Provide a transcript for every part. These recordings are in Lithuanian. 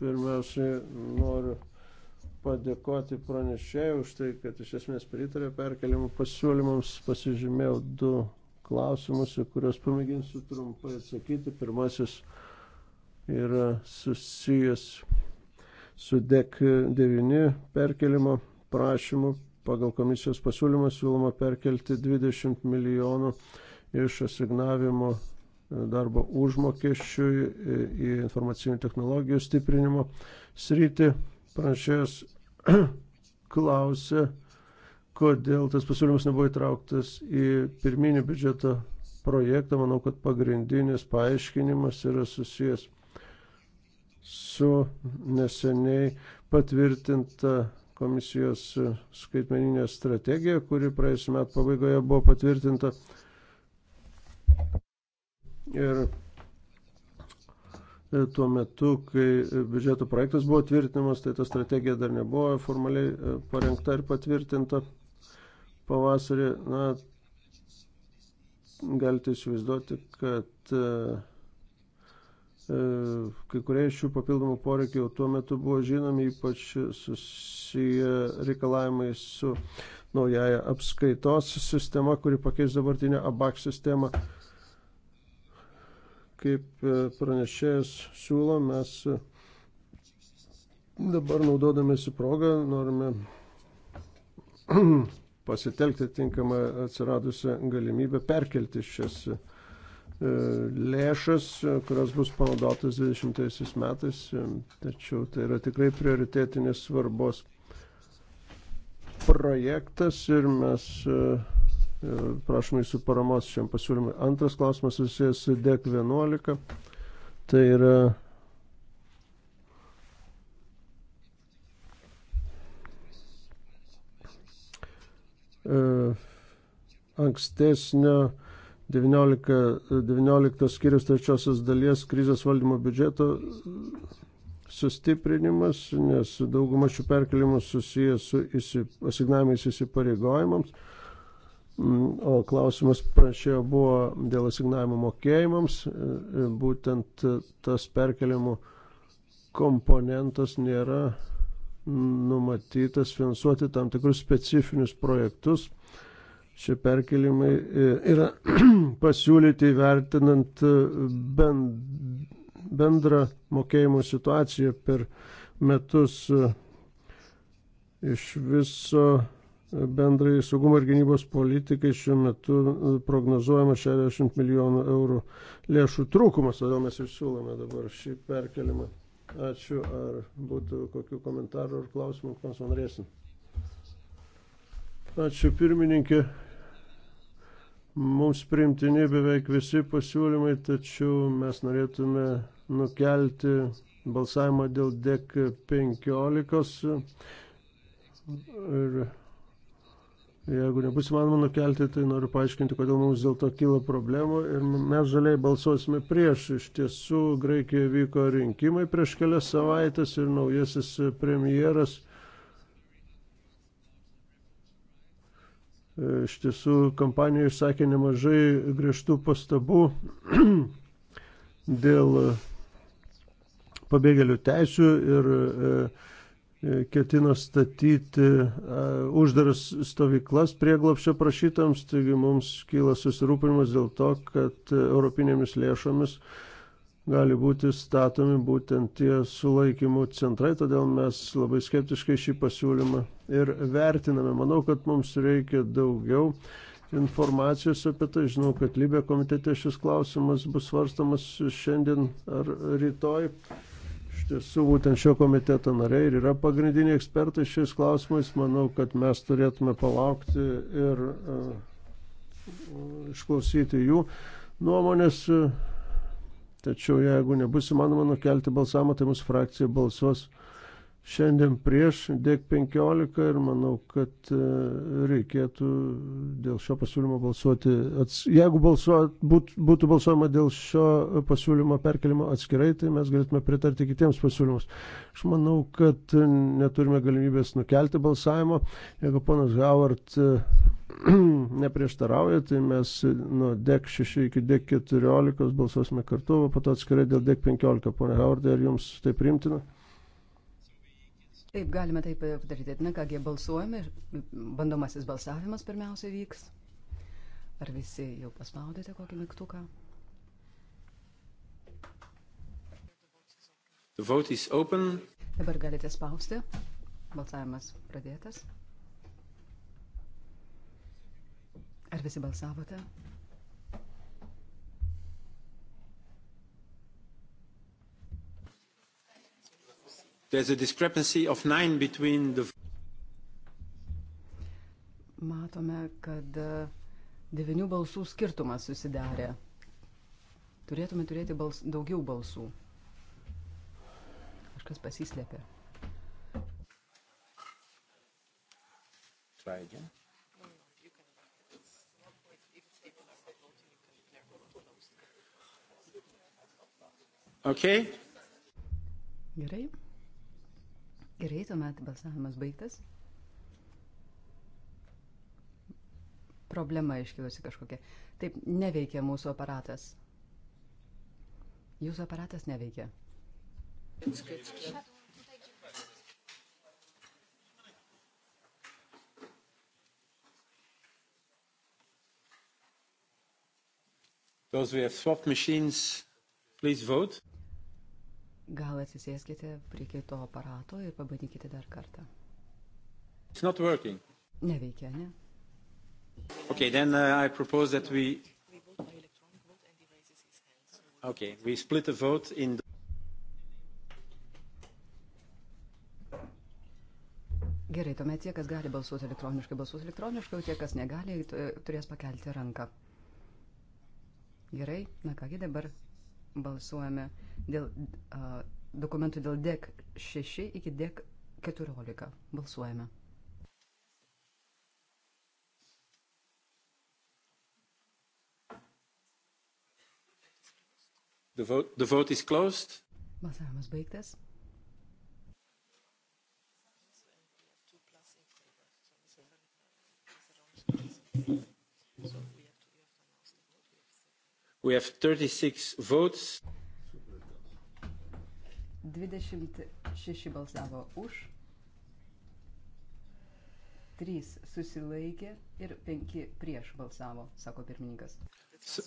Pirmiausiai noriu padėkoti pranešėjai už tai, kad iš esmės pritarė perkeliamų pasiūlymams. Pasižymėjau du klausimus, kuriuos pamėginsiu trumpai atsakyti. Pirmasis yra susijęs su e DEC 9 perkelimo prašymu. Pagal komisijos pasiūlymą siūloma perkelti 20 milijonų iš asignavimo darbo užmokesčiui, e, į informacinių technologijų stiprinimo sritį. Pranešėjas klausė, kodėl tas pasiūlymas nebuvo įtrauktas į pirminį biudžeto projektą. Manau, kad pagrindinis paaiškinimas yra susijęs su neseniai patvirtinta komisijos skaitmeninė strategija, kuri praėjusiu metu pabaigoje buvo patvirtinta. Ir e, tuo metu, kai biudžeto projektas buvo tvirtinamas, tai ta strategija dar nebuvo formaliai e, parengta ir patvirtinta pavasarį. Na, galite įsivaizduoti, kad e, kai kurie iš šių papildomų poreikių tuo metu buvo žinomi, ypač susiję reikalavimai su naujaja apskaitos sistema, kuri pakeis dabartinę ABAC sistemą kaip e, pranešėjas siūlo, mes e, dabar naudodamėsi progą norime pasitelkti tinkamą atsiradusią galimybę perkelti šias e, lėšas, kurios bus panaudotas 20 metais, tačiau tai yra tikrai prioritėtinės svarbos projektas ir mes uh, Prašome jūsų paramos šiam pasiūlymui. Antras klausimas susijęs su DEC 11. Tai yra e, ankstesnio 19, 19 skiriaus trečiosios dalies krizės valdymo biudžeto sustiprinimas, nes dauguma šių perkelimų susijęs su įsi, asignavimais įsipareigojimams. Įsi Mm, o klausimas pranešėjo buvo dėl asignavimo mokėjimams. E, būtent tas perkeliamų komponentas nėra numatytas finansuoti tam tikrus specifinius projektus. Šie perkelimai e, yra pasiūlyti vertinant e, bendrą mokėjimo situaciją per metus. Iš viso bendrai saugumo ir gynybos politikai šiuo metu prognozuojama 60 milijonų eurų lėšų trūkumas, todėl mes ir siūlome dabar šį perkelimą. Ačiū, ar būtų kokių komentarų ar klausimų, kas man rėsim. Ačiū pirmininkė. Mums priimtini beveik visi pasiūlymai, tačiau mes norėtume nukelti balsavimą dėl DEC 15 ir Jeigu nebus įmanoma nukelti, tai noriu paaiškinti, kodėl mums dėl to kyla problemų ir mes žaliai balsuosime prieš. Iš tiesų, Graikijoje vyko rinkimai prieš kelias savaitės ir naujasis premjeras iš tiesų kampanija išsakė nemažai griežtų pastabų dėl pabėgėlių teisių ir e, E, ketina statyti e, uždaras stovyklas prieglopščio prašytams, taigi mums kyla susirūpinimas dėl to, kad e, europinėmis lėšomis gali būti statomi būtent tie sulaikymų centrai, todėl mes labai skeptiškai šį pasiūlymą ir vertiname. Manau, kad mums reikia daugiau informacijos apie tai. Žinau, kad Libė komitete šis klausimas bus svarstamas šiandien ar rytoj. Iš tiesų, būtent šio komiteto nariai ir yra pagrindiniai ekspertai šiais klausimais. Manau, kad mes turėtume palaukti ir uh, išklausyti jų nuomonės. Tačiau jeigu nebus įmanoma nukelti balsamą, tai mūsų frakcija balsuos uh, šiandien prieš DEC 15 ir manau, kad e, reikėtų dėl šio pasiūlymo balsuoti. Ats... Jeigu balsuot, būt, būtų balsuojama dėl šio pasiūlymo perkelimo atskirai, tai mes galėtume pritarti kitiems pasiūlymus. Aš manau, kad neturime galimybės nukelti balsavimo. Jeigu ponas Howard e, neprieštarauja, tai mes nuo DEC 6 iki DEC 14 balsuosime kartu, o po to atskirai dėl DEC 15. Pone Howardai, ar jums tai primtina? Taip, galime taip e, padaryti. Na kągi, balsuojame. Bandomasis balsavimas pirmiausia vyks. Ar visi jau paspaudėte kokį mygtuką? Dabar galite spausti. Balsavimas pradėtas. Ar visi balsavote? There's a discrepancy of nine between the... Matome, kad e, devinių balsų skirtumas susidarė. Turėtume turėti bals, daugiau balsų. Kažkas pasislėpė. Try again. Okay. Gerai. Gerai, tuomet balsavimas baigtas. Problema iškilusi kažkokia. Taip, neveikia mūsų aparatas. Jūsų aparatas neveikia. Those who have swapped machines, please vote. Gal atsisėskite prie kito aparato ir pabandykite dar kartą. It's not working. Neveikia, ne? Okay, then uh, I propose that we... Okay, we split the vote in... The... Gerai, tuomet tie, kas gali balsuoti elektroniškai, balsuos elektroniškai, o tie, kas negali, turės pakelti ranką. Gerai, na kągi dabar balsuojame dėl uh, dokumentų dėl DEC 6 iki DEC 14. Balsuojame. The vote, the vote is closed. Balsavimas baigtas. So We have 36 votes. 26 balsavo už, 3 susilaikė ir 5 prieš balsavo, sako pirmininkas. So,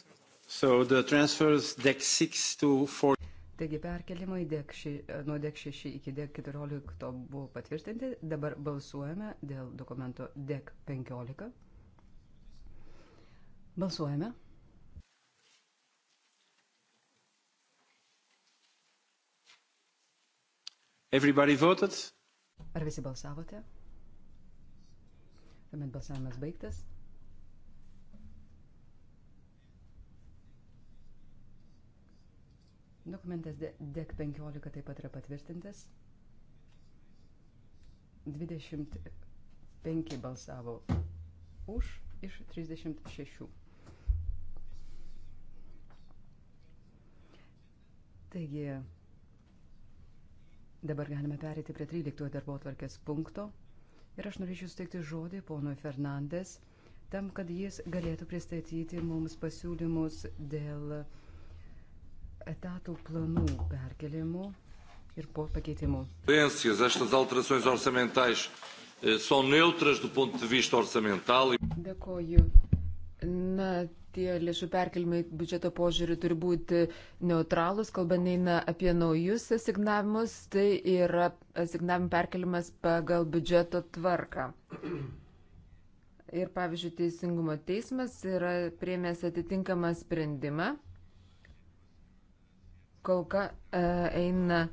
so the transfers DEC 6 to 4. Taigi perkelimai dek ši, nuo DEC 6 iki DEC 14 buvo patvirtinti, dabar balsuojame dėl dokumento DEC 15. Balsuojame. Everybody voted? Ar visi balsavote? Tuomet balsavimas baigtas. Dokumentas DEC 15 taip pat yra patvirtintas. 25 balsavo už iš 36. Taigi, Dabar galime perėti prie 13 darbo atvarkės punkto. Ir aš norėčiau suteikti žodį ponui Fernandes, tam, kad jis galėtų pristatyti mums pasiūlymus dėl etatų planų perkelimų ir po pakeitimų. Eh, e- Dėkoju. Na, tie lėšų perkelimai biudžeto požiūriu turi būti neutralūs, kalba neina apie naujus asignavimus, tai yra asignavimų perkelimas pagal biudžeto tvarką. Ir pavyzdžiui, Teisingumo teismas yra priemęs atitinkamą sprendimą. Kolka e, eina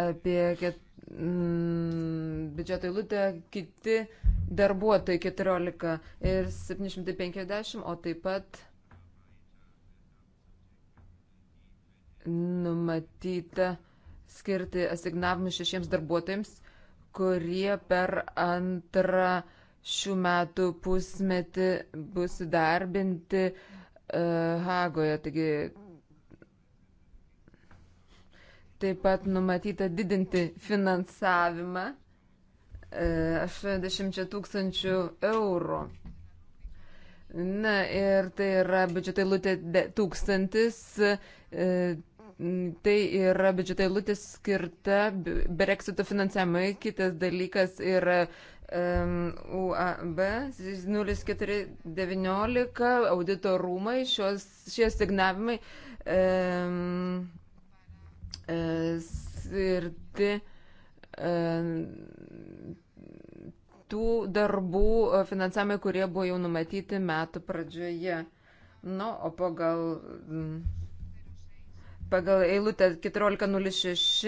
apie ket, mm, biudžeto įlūtę kiti darbuotojai 14 ir 750, o taip pat numatyta skirti asignavimus šešiems darbuotojams, kurie per antrą šių metų pusmetį bus įdarbinti uh, Hagoje. Taigi taip pat numatyta didinti finansavimą 80 e, tūkstančių eurų. Na ir tai yra biudžetai lūtė tūkstantis, e, Tai yra biudžeto eilutis skirta Brexito finansavimui, kitas dalykas yra um, UAB 0419 audito rūmai, šios, šie signavimai um, e, skirti um, tų darbų e, finansavimai, kurie buvo jau numatyti metų pradžioje. Nu, o pagal. Um, pagal eilutę 1406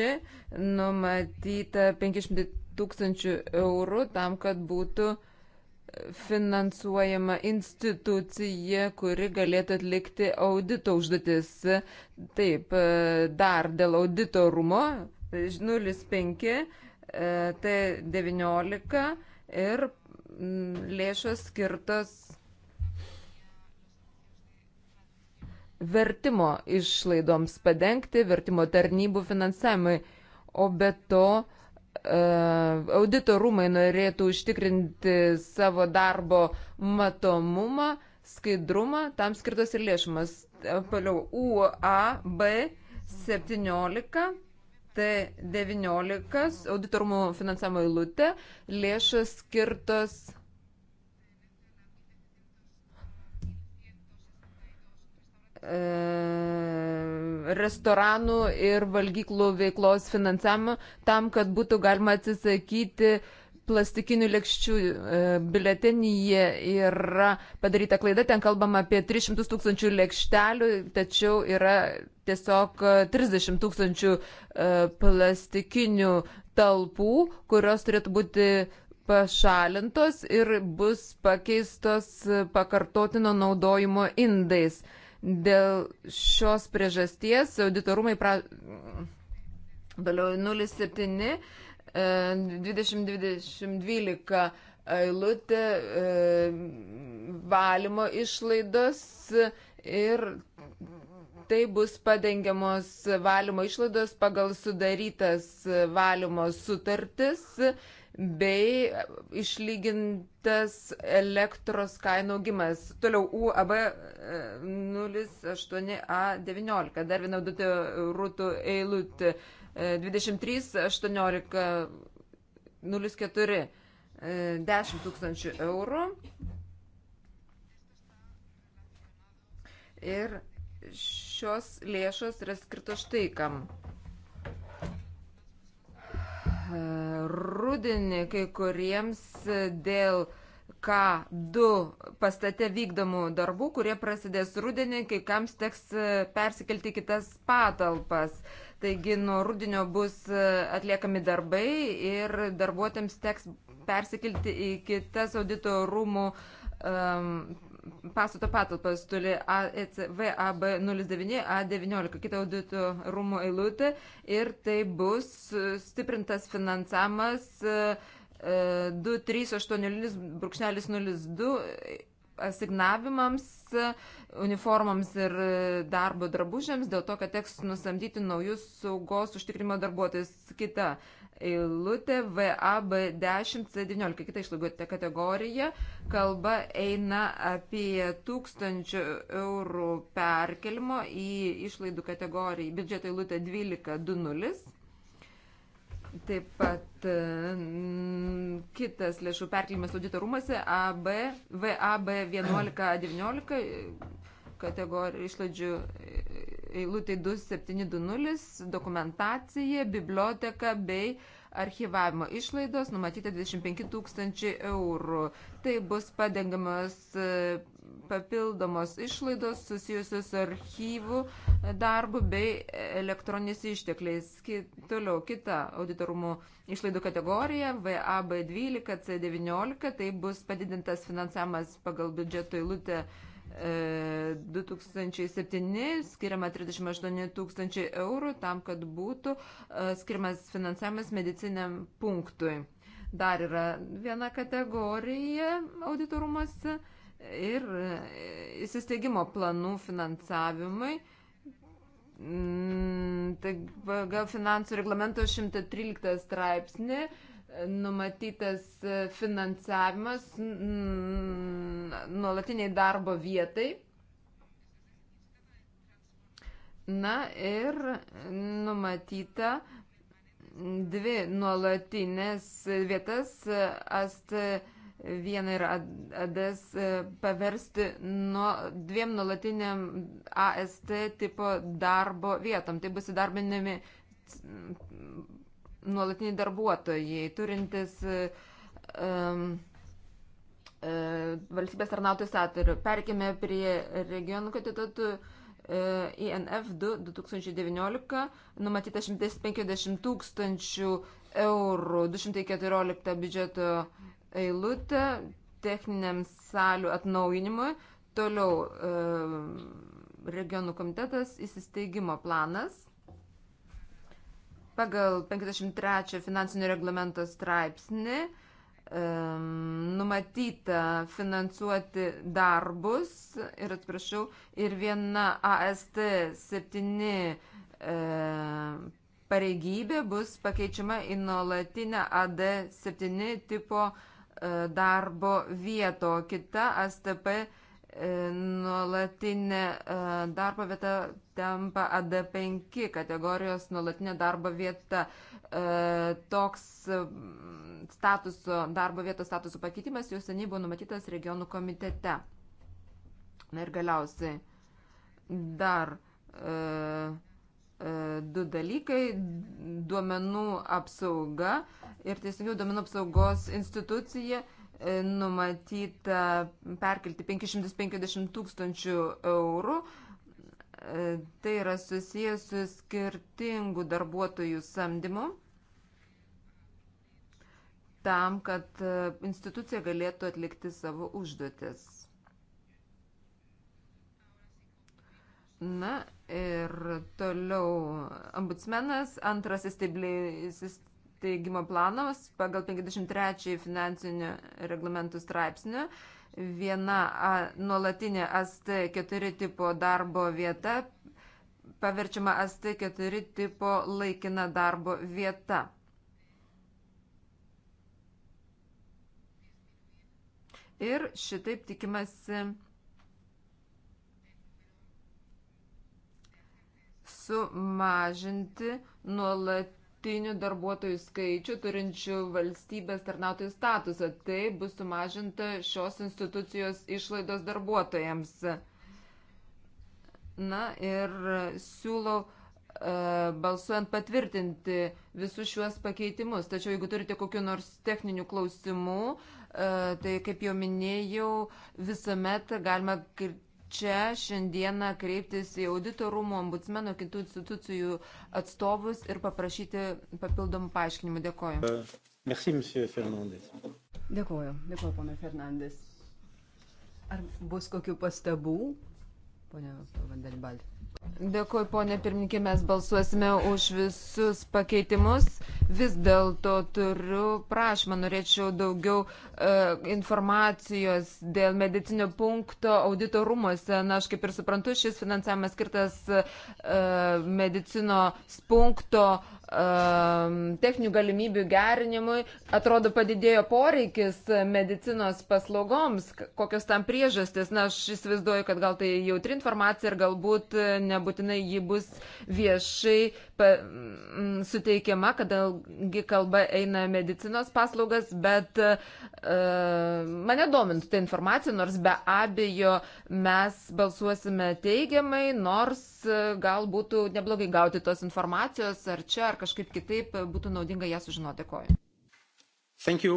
numatyta 500 tūkstančių eurų tam, kad būtų finansuojama institucija, kuri galėtų atlikti audito užduotis. Taip, e, dar dėl audito rūmo 05, T19 ir lėšos skirtos vertimo išlaidoms padengti, vertimo tarnybų finansavimui. O be to, e, audito rūmai norėtų užtikrinti savo darbo matomumą, skaidrumą, tam skirtos ir lėšumas. Paliau, UAB 17. T19 auditorumų finansavimo eilutė lėšas skirtos E, restoranų ir valgyklų veiklos finansavimą tam, kad būtų galima atsisakyti plastikinių lėkščių e, biletenyje yra padaryta klaida, ten kalbama apie 300 tūkstančių lėkštelių, tačiau yra tiesiog 30 e, tūkstančių plastikinių talpų, kurios turėtų būti pašalintos ir bus pakeistos pakartotino naudojimo indais. Dėl šios priežasties auditorumai pra... Daliau 07 2012 eilutė e, valymo išlaidos ir tai bus padengiamos valymo išlaidos pagal sudarytas valymo sutartis bei išlygintas elektros kainų augimas. Toliau UAB 08A19, e, dar viena dutė rūtų eilutė 23.18.04, e, 10 e, tūkstančių eurų. Ir šios lėšos yra skirtos štai kam. Rudinį kai kuriems dėl K2 pastate vykdomų darbų, kurie prasidės rudenį, kai kams teks e, persikelti kitas patalpas. Taigi nuo rudinio bus e, atliekami darbai ir darbuotėms teks persikelti į kitas audito rūmų um, pastato patalpas toli VAB 09 A19, kita audito rūmų eilutė ir tai bus stiprintas finansavimas 2380.02 e, asignavimams, uniformams ir darbo drabužiams, dėl to, kad teks nusamdyti naujus saugos užtikrimo darbuotojus. Kita eilutė VAB1019, kita išlaidų kategorija, kalba eina apie 1000 eurų perkelimo į išlaidų kategoriją, biudžeto eilutė 1220. Taip pat kitas lėšų perkelimas audito rūmose AB, VAB 1119 kategorijų išlaidžių eilutai 2720 dokumentacija, biblioteka bei archivavimo išlaidos numatyta 25 tūkstančiai eurų. Tai bus padengiamas e, papildomos išlaidos susijusios su archyvų darbu bei elektroniniais ištekliais. Kit, toliau kita auditorumų išlaidų kategorija VAB12 C19, tai bus padidintas finansavimas pagal biudžeto eilutę 2021-2027 2007 e, skiriama 38 tūkstančiai eurų tam, kad būtų e, skirimas finansavimas mediciniam punktui. Dar yra viena kategorija auditorumuose ir e, įsisteigimo planų finansavimai. Mm, tai pagal finansų reglamento 113 straipsnį numatytas e, finansavimas nuolatiniai darbo vietai. Na ir numatyta dvi nuolatinės vietas AST vieną ir ADS e, paversti nuo, dviem nuolatiniam AST tipo darbo vietom. Tai bus įdarbinami nuolatiniai darbuotojai, turintis um, valstybės tarnautojų statorių. Perkime prie regionų kandidatų. INF 2 2019 numatyta 150 tūkstančių eurų 214 biudžeto eilutė techniniam salių atnaujinimui. Toliau e, regionų komitetas įsisteigimo planas pagal 53 finansinio reglamento straipsnį numatyta finansuoti darbus ir atsiprašau, ir viena AST 7 e, pareigybė bus pakeičiama į nuolatinę AD 7 tipo e, darbo vieto, kita ASTP E, nuolatinė e, darbo vieta tampa AD5 kategorijos nuolatinė darbo vieta. E, toks statuso, darbo vietos statuso pakeitimas jau seniai buvo numatytas regionų komitete. Na ir galiausiai dar du dalykai - duomenų apsauga ir teisingiau duomenų apsaugos institucija E, numatyta perkelti 550 tūkstančių eurų. E, tai yra susijęs su skirtingų darbuotojų samdymu tam, kad e, institucija galėtų atlikti savo užduotis. Na ir toliau ombudsmenas, antrasis stebėjimas steigimo planos pagal 53 finansinių reglamentų straipsnių. Viena a, nuolatinė AST4 tipo darbo vieta paverčiama AST4 tipo laikina darbo vieta. Ir šitaip tikimasi sumažinti nuolat nuolatinių darbuotojų skaičių turinčių valstybės tarnautojų statusą. Tai bus sumažinta šios institucijos išlaidos darbuotojams. Na ir siūlau e, balsuojant patvirtinti visus šiuos pakeitimus. Tačiau jeigu turite kokiu nors techninių klausimų, e, tai kaip jau minėjau, visuomet galima čia šiandieną kreiptis į auditorumų, ombudsmenų, kitų institucijų atstovus ir paprašyti papildomų paaiškinimų. Dėkoju. Euh, merci, monsieur Fernandez. Dėkoju, dėkoju, pana Fernandez. Ar bus kokių pastabų? Pone Vandenbalt. Dėkui, ponė pirmininkė, mes balsuosime už visus pakeitimus. Vis dėlto turiu prašymą, norėčiau daugiau e, informacijos dėl medicinio punkto audito rūmose. Na, aš kaip ir suprantu, šis finansavimas skirtas e, medicinos punkto e, Ehm, techninių galimybių gerinimui, atrodo padidėjo poreikis medicinos paslaugoms, kokios tam priežastis. Na, aš įsivaizduoju, kad gal tai jautri informacija ir galbūt e, nebūtinai ji bus viešai pa, m, suteikiama, kadangi kalba eina medicinos paslaugas, bet e, mane domintų ta informacija, nors be abejo mes balsuosime teigiamai, nors e, gal būtų neblogai gauti tos informacijos ar čia, ar kažkaip kitaip būtų naudinga ją sužinoti. Dėkoju. Thank you.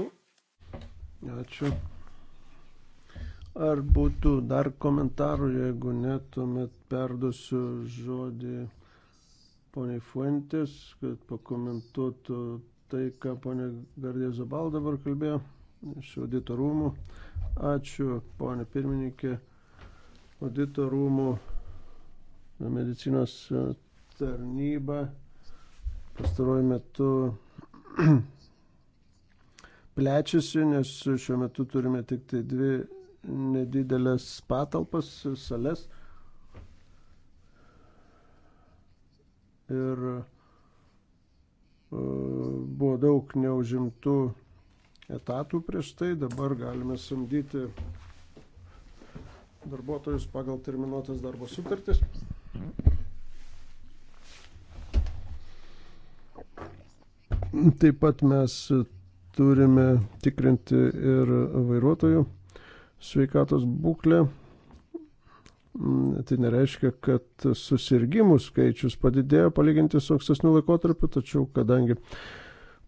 Ačiū. Ar būtų dar komentarų, jeigu ne, tuomet perdusiu žodį poniai Fuentes, kad pakomentuotų tai, ką ponė Gardė Zabal dabar kalbėjo iš audito rūmų. Ačiū, ponė pirmininkė. Audito rūmų medicinos tarnyba pastaruoju metu plečiasi, nes šiuo metu turime tik tai dvi nedidelės patalpas, sales. Ir e, buvo daug neužimtų etatų prieš tai, dabar galime samdyti darbuotojus pagal terminuotas darbo sutartis. Taip pat mes turime tikrinti ir vairuotojų sveikatos būklę. Tai nereiškia, kad susirgymų skaičius padidėjo palyginti su ankstesniu laikotarpiu, tačiau kadangi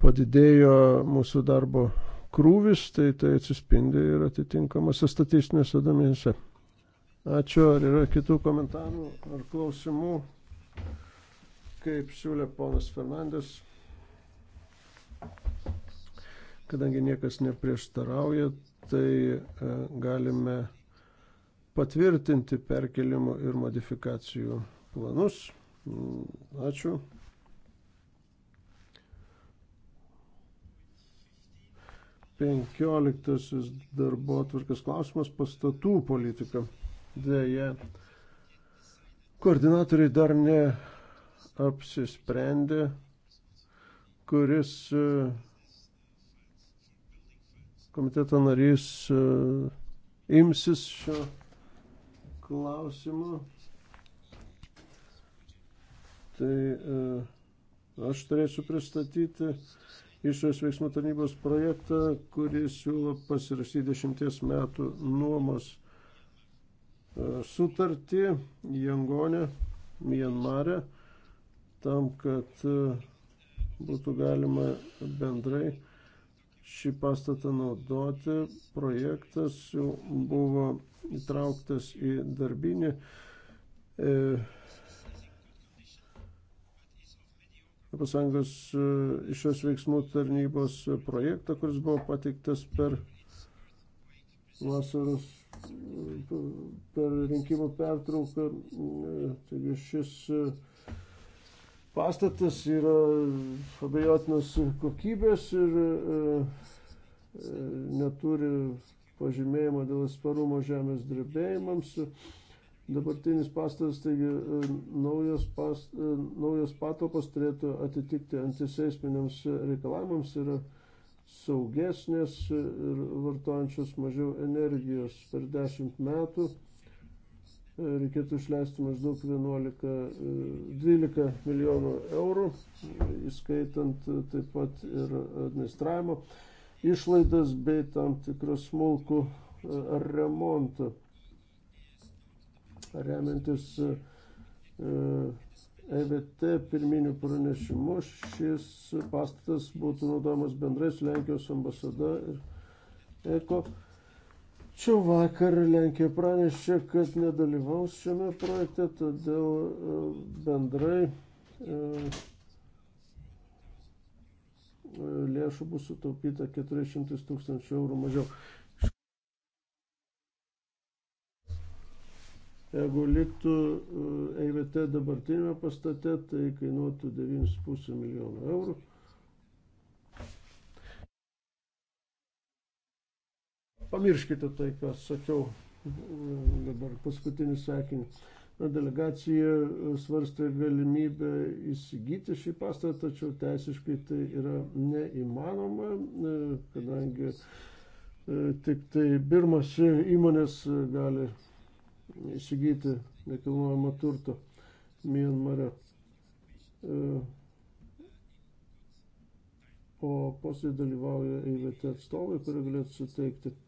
padidėjo mūsų darbo krūvis, tai tai atsispindi ir atitinkamose statistinėse domėse. Ačiū, ar yra kitų komentarų ar klausimų, kaip siūlė ponas Fernandes. Kadangi niekas neprieštarauja, tai e, galime patvirtinti perkelimų ir modifikacijų planus. Mm, ačiū. Penkioliktasis darbo atvarkas klausimas - pastatų politika. Dėja, koordinatoriai dar neapsisprendė, kuris e, komiteto narys e, imsis šio klausimo. Tai e, aš turėsiu pristatyti išorės veiksmų tarnybos projektą, kuris siūlo pasirašyti dešimties metų nuomos e, sutartį Jangonė, Mienmarė, tam, kad būtų galima bendrai šį pastatą naudoti, projektas jau buvo įtrauktas į darbinį e, ES e, išės veiksmų tarnybos projektą, kuris buvo pateiktas per vasaros e, per rinkimų pertrauką. Taigi šis pastatas yra abejotinos kokybės ir e, e, neturi pažymėjimo dėl atsparumo žemės drebėjimams. Dabartinis pastatas, taigi e, naujos, past, e, naujos patalpos turėtų atitikti antiseisminiams reikalavimams, yra saugesnės ir vartojančios mažiau energijos per dešimt metų reikėtų išleisti maždaug 11, 12 e, milijonų eurų, įskaitant e, taip pat ir administravimo išlaidas bei tam tikrą smulkų e, remontą. Remiantis EVT pirminių pranešimų, šis pastatas būtų naudojamas bendrai su Lenkijos ambasada ir ECO Tačiau vakar Lenkija pranešė, kad nedalyvaus šiame projekte, todėl e, bendrai e, e, lėšų bus sutaupyta 400 tūkstančių eurų mažiau. Jeigu liktų EIVT dabartinėme pastate, tai kainuotų 9,5 milijono eurų. Pamirškite tai, ką sakiau dabar paskutinį sakinį. Delegacija svarstė galimybę įsigyti šį pastatą, tačiau teisiškai tai yra neįmanoma, kadangi e, tik tai Birmas įmonės gali įsigyti nekilnojamo turto Mienmare. E, o posėdį dalyvauja EIVT atstovai, kurie galėtų suteikti uh,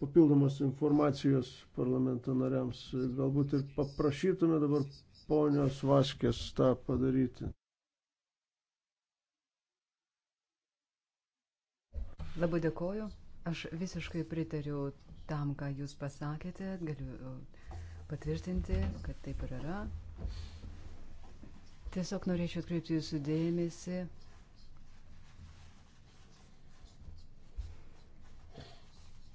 papildomos informacijos parlamento nariams. Galbūt ir paprašytume dabar ponios Vaškės tą padaryti. Labai dėkoju. Aš visiškai pritariu tam, ką jūs pasakėte. Galiu uh, patvirtinti, kad taip ir yra. Tiesiog norėčiau atkreipti jūsų dėmesį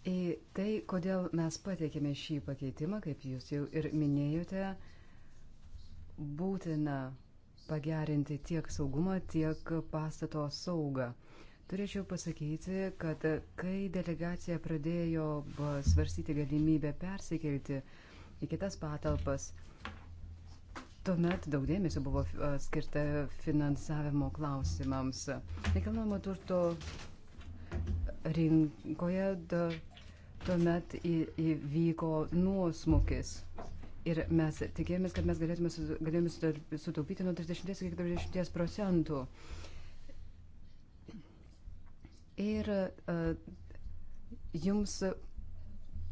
į tai, kodėl mes pateikėme šį pakeitimą, kaip jūs jau ir minėjote, būtina pagerinti tiek saugumą, tiek pastato saugą. Turėčiau pasakyti, kad kai delegacija pradėjo svarstyti galimybę persikelti į kitas patalpas, tuomet daug dėmesio buvo skirta finansavimo klausimams. Nekilnojamo turto rinkoje da, tuomet įvyko nuosmukis. Ir mes tikėjomės, kad mes galėtume, galėjome sutaupyti nuo 30 iki 40 procentų. Ir uh, jums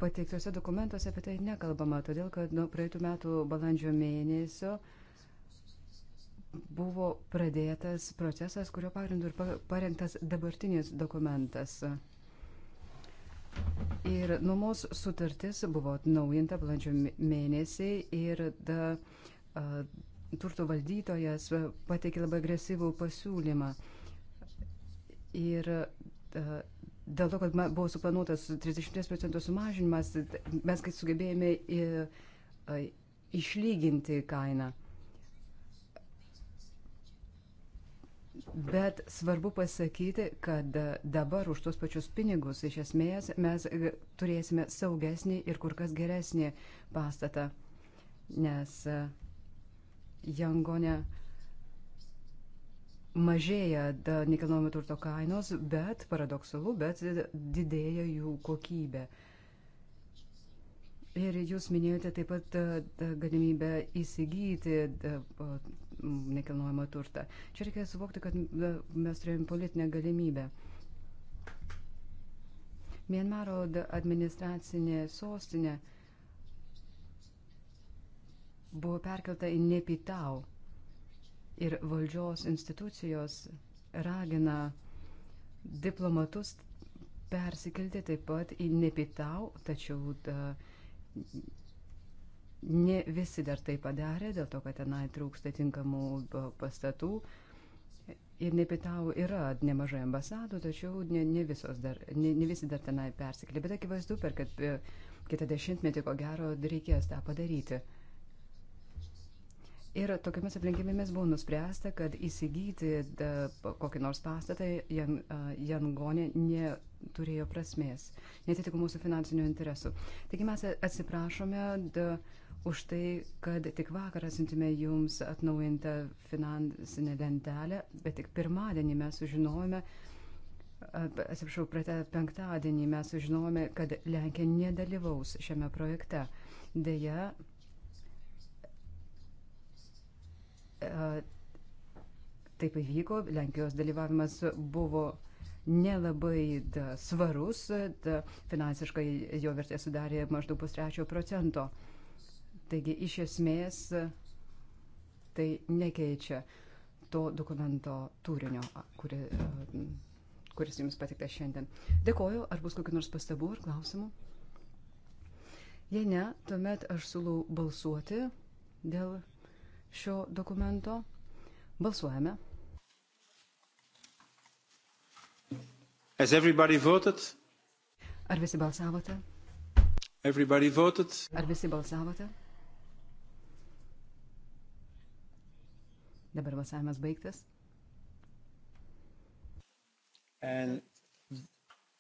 pateiktuose dokumentuose apie tai nekalbama, todėl kad nuo praeitų metų balandžio mėnesio buvo pradėtas procesas, kurio pagrindu ir parengtas dabartinis dokumentas. Uh, Ir nuomos sutartis buvo atnaujinta balandžio mėnesį ir da, a, turto valdytojas pateikė labai agresyvų pasiūlymą. Ir a, dėl to, kad buvo suplanuotas 30 procentų sumažinimas, mes sugebėjome į, a, išlyginti kainą. Bet svarbu pasakyti, kad dabar už tuos pačius pinigus iš esmės mes e, turėsime saugesnį ir kur kas geresnį pastatą, nes e, Jangone mažėja nekilnojamo turto kainos, bet paradoksalu, bet didėja jų kokybė. Ir jūs minėjote taip pat e, galimybę įsigyti nekilnojamą turtą. Čia reikia suvokti, kad mes turėjom politinę galimybę. Mienmaro administracinė sostinė buvo perkelta į Nepitau ir valdžios institucijos ragina diplomatus persikelti taip pat į Nepitau, tačiau da, Ne visi dar tai padarė, dėl to, kad tenai trūksta tinkamų pastatų. Ir Nepitau yra nemažai ambasadų, tačiau ne, ne, dar, ne, ne visi dar tenai persikėlė. Bet akivaizdu, per kad e, kitą dešimtmetį ko gero reikės tą padaryti. Ir tokiamis aplinkybėmis buvo nuspręsta, kad įsigyti da, kokį nors pastatą Jan, Jangonė neturėjo prasmės, netitiko mūsų finansinių interesų. Taigi mes atsiprašome. Da, už tai, kad tik vakar atsintime jums atnaujintą finansinę lentelę, bet tik pirmadienį mes sužinojome, atsiprašau, praeitą penktadienį mes sužinojome, kad Lenkija nedalyvaus šiame projekte. Deja, taip įvyko, Lenkijos dalyvavimas buvo nelabai da, svarus, da, finansiškai jo vertė sudarė maždaug pustrečio procento. Uh, Taigi iš esmės tai nekeičia to dokumento turinio, kuri, kuris jums patiktas šiandien. Dėkoju, ar bus kokiu nors pastabų ar klausimų? Jei ne, tuomet aš siūlau balsuoti dėl šio dokumento. Balsuojame. Ar visi balsavote? Ar visi balsavote? Dabar balsavimas baigtas. And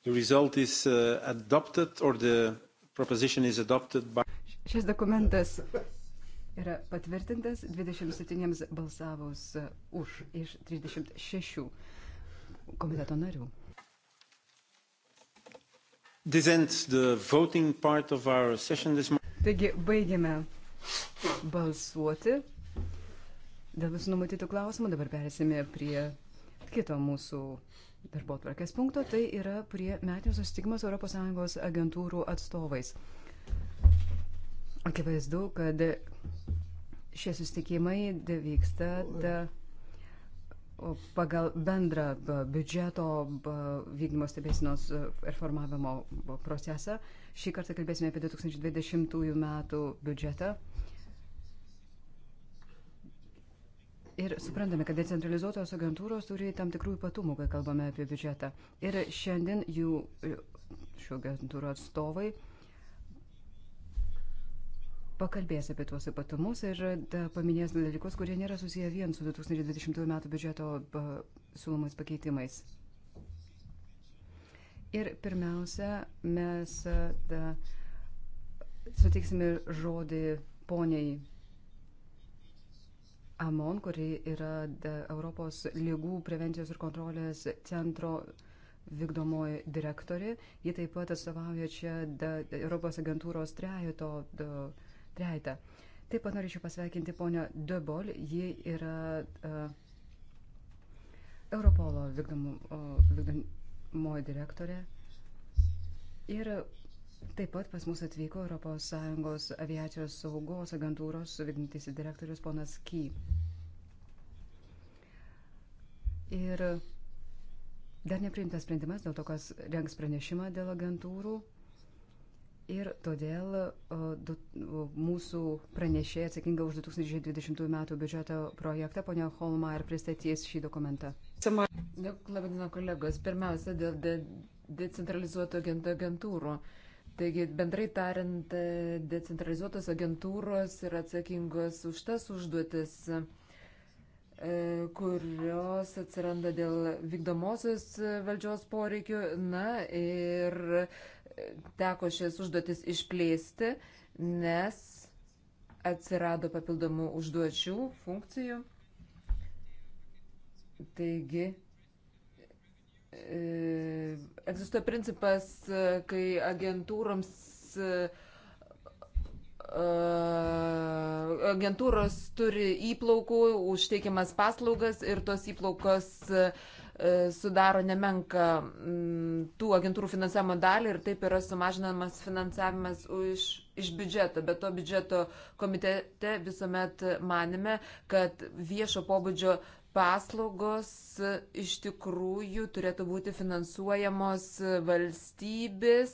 the result is uh, adopted or the proposition is adopted by... Šis dokumentas yra patvirtintas 27 balsavus uh, už iš 36 komiteto narių. Taigi baigiame balsuoti. Dėl visų numatytų klausimų dabar perėsime prie kito mūsų darbo tvarkės punkto, tai yra prie metinių susitikimas ES agentūrų atstovais. Akivaizdu, kad šie susitikimai vyksta da, pagal bendrą biudžeto vykdymo stebėsinos e, ir formavimo procesą. Šį kartą kalbėsime apie 2020 metų biudžetą. Ir suprantame, kad decentralizuotos agentūros turi tam tikrų ypatumų, kai kalbame apie biudžetą. Ir šiandien jų šių agentūrų atstovai pakalbės apie tuos ypatumus ir paminės dalykus, kurie nėra susiję vien su 2020 m. biudžeto siūlomais pakeitimais. Ir pirmiausia, mes da, suteiksime žodį poniai AMON, kuri yra Europos lygų prevencijos ir kontrolės centro vykdomoji direktorė. Ji taip pat atstovauja čia Europos agentūros trejato, trejatą. Taip pat norėčiau pasveikinti ponę Debol. Ji yra uh, Europolo vykdomo, uh, vykdomoji direktorė. Ir Taip pat pas mus atvyko ES aviacijos saugos agentūros vykdantysis direktorius ponas Ky. Ir dar nepriimtas sprendimas dėl to, kas rengs pranešimą dėl agentūrų. Ir todėl mūsų pranešėja atsakinga už 2020 m. biudžeto projektą, ponia Holma, ir pristatys šį dokumentą. Labadiena kolegos, pirmiausia dėl decentralizuotų agentūrų. De Taigi, bendrai tariant, decentralizuotos agentūros yra atsakingos už tas užduotis, e, kurios atsiranda dėl vykdomosios valdžios poreikių. Na ir e, teko šias užduotis išplėsti, nes atsirado papildomų užduočių, funkcijų. Taigi, E, egzistuoja principas, e, kai agentūroms e, agentūros turi įplaukų užteikiamas paslaugas ir tos įplaukos sudaro nemenka tų agentūrų finansavimo dalį ir taip yra sumažinamas finansavimas iš, iš biudžeto. Bet to biudžeto komitete visuomet manime, kad viešo pobūdžio paslaugos iš tikrųjų turėtų būti finansuojamos valstybės,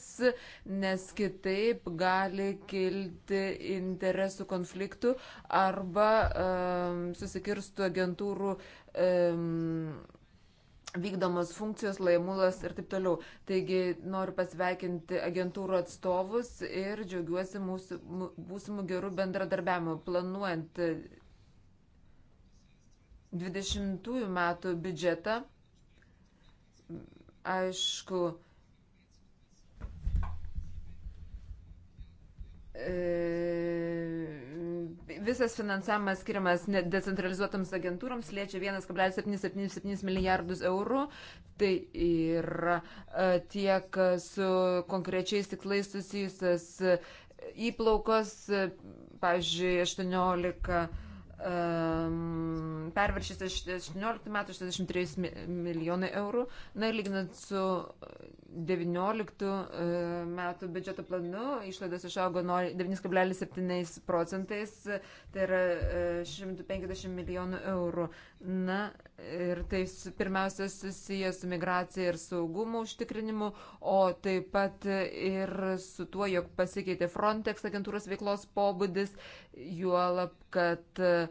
nes kitaip gali kilti interesų konfliktų arba um, ehm, susikirstų agentūrų um, vykdomos funkcijos, laimulas ir taip toliau. Taigi noriu pasveikinti agentūrų atstovus ir džiaugiuosi mūsų būsimų gerų bendradarbiavimų planuojant 20 metų biudžetą, aišku, e, visas finansavimas skiriamas decentralizuotams agentūrams liečia 1,777 milijardus eurų. Tai yra e, tiek su konkrečiais tiklais susijusias e, įplaukos, pavyzdžiui, 18 um, perviršys 18 metų 63 milijonai eurų. Na ir lyginant su 19 e, e, metų biudžeto planu, išlaidos išaugo 9,7 procentais, tai yra 150 e, milijonų eurų. Na ir tai pirmiausia susijęs su migracija ir saugumo užtikrinimu, o taip pat ir su tuo, jog pasikeitė Frontex agentūros veiklos pobūdis, juolab, kad e,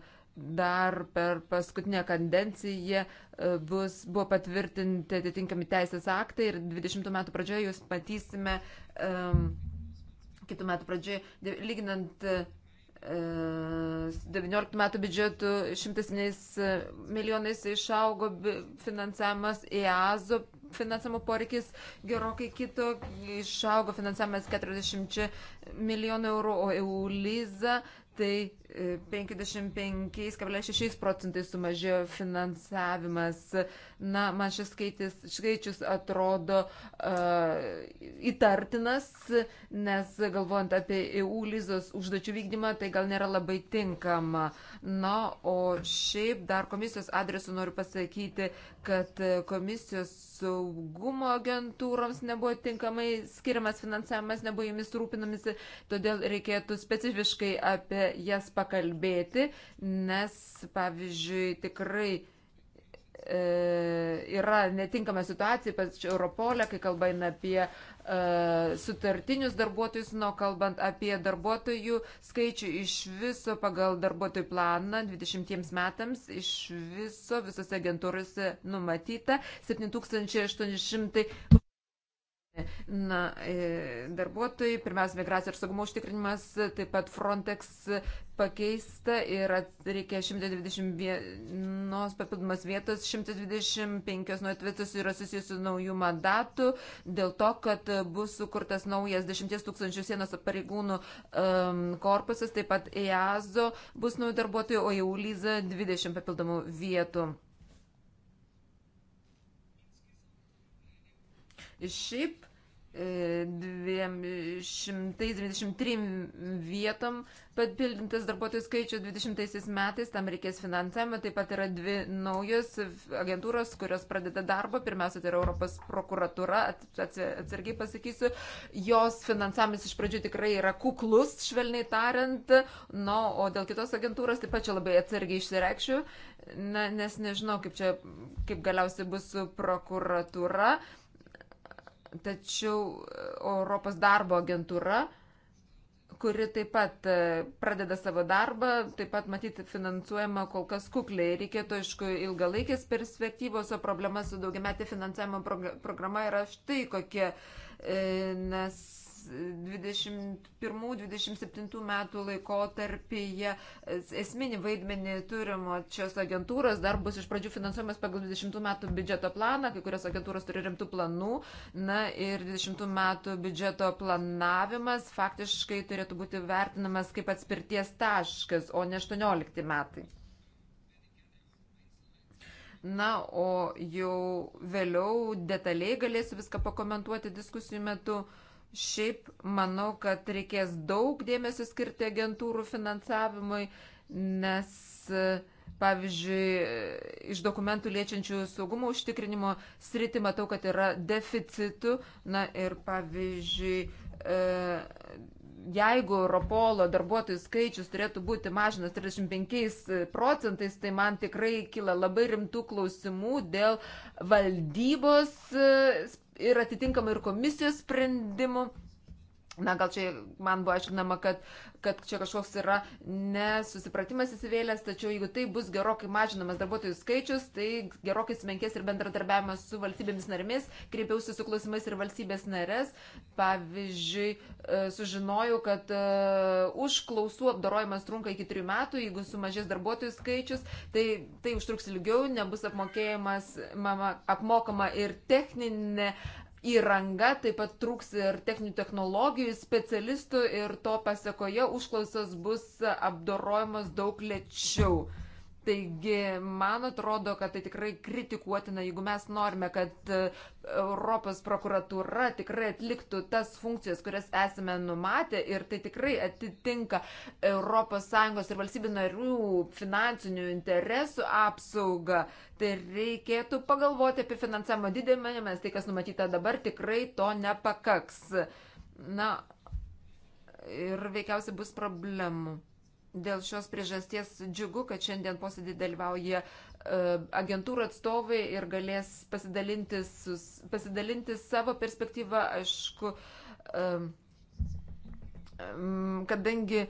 dar per paskutinę kandenciją e, bus, buvo patvirtinti atitinkami teisės aktai ir 20 metų pradžioje jūs matysime. Um, Kitų metų pradžioje, lyginant 19 metų biudžetu 100 e, milijonais išaugo finansavimas EASO finansavimo poreikis gerokai kito, išaugo finansavimas 40 milijonų eurų, o EULIZA tai 55,6 procentai sumažėjo finansavimas. Na, man šis skaitis, skaičius atrodo uh, įtartinas, nes galvojant apie EU lyzos užduočių vykdymą, tai gal nėra labai tinkama. Na, o šiaip dar komisijos adresu noriu pasakyti, kad komisijos saugumo agentūroms nebuvo tinkamai skiriamas finansavimas, nebuvo jomis rūpinamis, todėl reikėtų specifiškai apie jas pasakyti pakalbėti, nes, pavyzdžiui, tikrai e, yra netinkama situacija, ypač Europolė, kai kalba eina apie e, sutartinius darbuotojus, nuo kalbant apie darbuotojų skaičių iš viso pagal darbuotojų planą 20 metams, iš viso visose agentūrose numatyta 7800. Na, e, darbuotojai, pirmiausia, migracija ir saugumo užtikrinimas, taip pat Frontex pakeista ir reikia 121 papildomas vietos, 125 nuo atvietos yra susijusių naujų mandatų, dėl to, kad bus sukurtas naujas 10 tūkstančių sienos pareigūnų um, korpusas, taip pat EASO bus naujų darbuotojų, o jau lyza 20 papildomų vietų. Šiaip 223 vietom papildintas darbuotojų skaičius 20 metais, tam reikės finansavimo, taip pat yra dvi naujos agentūros, kurios pradeda darbą, pirmiausia, tai yra Europos prokuratura, atsargiai pasakysiu, jos finansavimas iš pradžių tikrai yra kuklus, švelniai tariant, no, o dėl kitos agentūros taip pat čia labai atsargiai išsireikščiau, nes nežinau, kaip čia, kaip galiausiai bus su prokuratūra. Tačiau e, Europos darbo agentūra, kuri taip pat e, pradeda savo darbą, taip pat matyti finansuojama kol kas kukliai. Reikėtų, aišku, ilgalaikės perspektyvos, o problema su daugiametė finansavimo programa yra štai kokie, nes 21-27 metų laikotarpyje esminį vaidmenį turimo šios agentūros dar bus iš pradžių finansuojamas pagal 20 metų biudžeto planą, kai kurios agentūros turi rimtų planų, na ir 20 metų biudžeto planavimas faktiškai turėtų būti vertinamas kaip atspirties taškas, o ne 18 metai. Na, o jau vėliau detaliai galėsiu viską pakomentuoti diskusijų metu. Uh, Šiaip manau, kad reikės daug dėmesio skirti agentūrų finansavimui, nes, e, pavyzdžiui, e, iš dokumentų liečiančių saugumo užtikrinimo sritį matau, kad yra deficitų. Na ir, pavyzdžiui, e, jeigu Europolo darbuotojų skaičius turėtų būti mažinas 35 procentais, tai man tikrai kyla labai rimtų klausimų dėl valdybos ir atitinkamai ir komisijos sprendimų. Na, gal čia man buvo aiškinama, kad, kad čia kažkoks yra nesusipratimas įsivėlęs, tačiau jeigu tai bus gerokai mažinamas darbuotojų skaičius, tai gerokai sumenkės ir bendradarbiavimas su valstybėmis narėmis, kreipiausi su klausimais ir valstybės narės. Pavyzdžiui, e, sužinojau, kad e, užklausų apdorojimas trunka iki trijų metų, jeigu sumažės darbuotojų skaičius, tai tai užtruks ilgiau, nebus apmokėjimas, mama, apmokama ir techninė įranga, taip pat trūks ir techninių technologijų, specialistų ir to pasakoje užklausos bus apdorojamos daug lėčiau. Taigi, man atrodo, kad tai tikrai kritikuotina, jeigu mes norime, kad e, Europos prokuratūra tikrai atliktų tas funkcijas, kurias esame numatę ir tai tikrai atitinka ES ir valstybių narių finansinių interesų apsaugą, tai reikėtų pagalvoti apie finansavimo didinimą, nes tai, kas numatyta dabar, tikrai to nepakaks. Na, ir veikiausiai bus problemų. Dėl šios priežasties džiugu, kad šiandien posėdį dalyvauja e, agentūrų atstovai ir galės pasidalinti, sus, pasidalinti savo perspektyvą, aišku, e, kadangi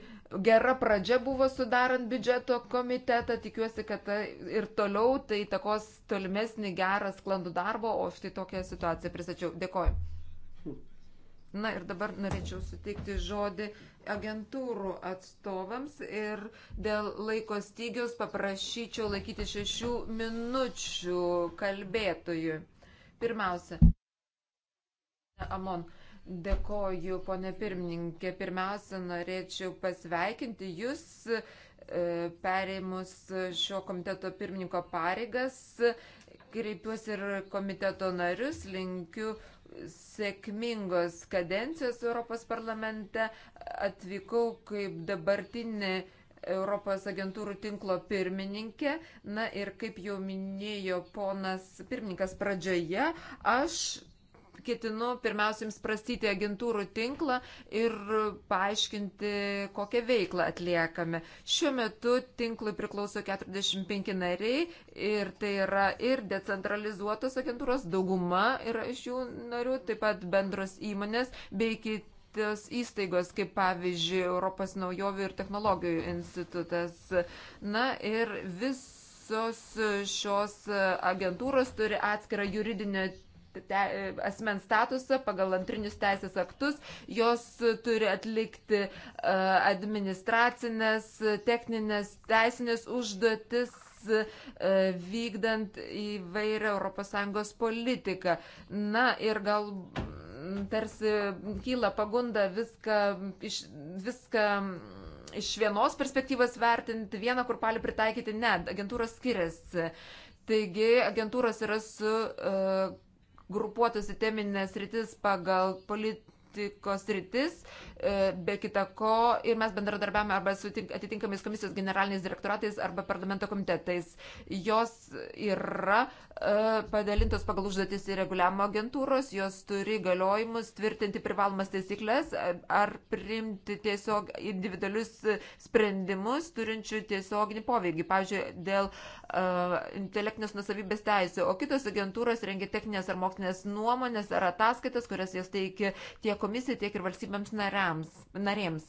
gera pradžia buvo sudarant biudžeto komitetą, tikiuosi, kad ta ir toliau tai takos tolimesnį gerą sklandų darbą, o štai tokią situaciją pristačiau. Dėkoju. Na ir dabar norėčiau suteikti žodį agentūrų atstovams ir dėl laiko stygios paprašyčiau laikyti šešių minučių kalbėtojų. Pirmiausia. Amon. Dėkoju, ponė pirmininkė. Pirmiausia, norėčiau pasveikinti Jūs e, perėmus šio komiteto pirmininko pareigas. Kreipiuosi ir komiteto narius, linkiu sėkmingos kadencijos Europos parlamente. Atvykau kaip dabartinė Europos agentūrų tinklo pirmininkė. Na ir kaip jau minėjo ponas pirmininkas pradžioje, aš ketinu pirmiausia jums prastyti agentūrų tinklą ir paaiškinti, kokią veiklą atliekame. Šiuo metu tinklui priklauso 45 nariai ir tai yra ir decentralizuotos agentūros, dauguma yra iš jų narių, taip pat bendros įmonės bei kitos įstaigos, kaip pavyzdžiui Europos naujovių ir technologijų institutas. Na ir visos šios agentūros turi atskirą juridinę te, asmens statusą pagal antrinius teisės aktus, jos turi atlikti e, administracinės, techninės, teisinės užduotis e, vykdant įvairią ES politiką. Na ir gal tarsi kyla pagunda viską, iš, viską iš vienos perspektyvos vertinti, vieną kurpalį pritaikyti, ne, agentūros skiriasi. Taigi agentūros yra su uh, grupuotus į teminės rytis pagal politinę politikos rytis, e, be kita ko, ir mes bendradarbiavame arba su atitinkamais komisijos generaliniais direktoratais arba parlamento komitetais. Jos yra e, padalintos pagal užduotis į reguliavimo agentūros, jos turi galiojimus tvirtinti privalomas taisyklės e, ar priimti tiesiog individualius sprendimus turinčių tiesioginį poveikį, pavyzdžiui, dėl uh, intelektinės nusavybės teisų, o kitos agentūros rengia techninės ar mokslinės nuomonės ar ataskaitas, kurias jas teikia tiek komisijos komisijai, tiek ir valstybėms nariams, narėms.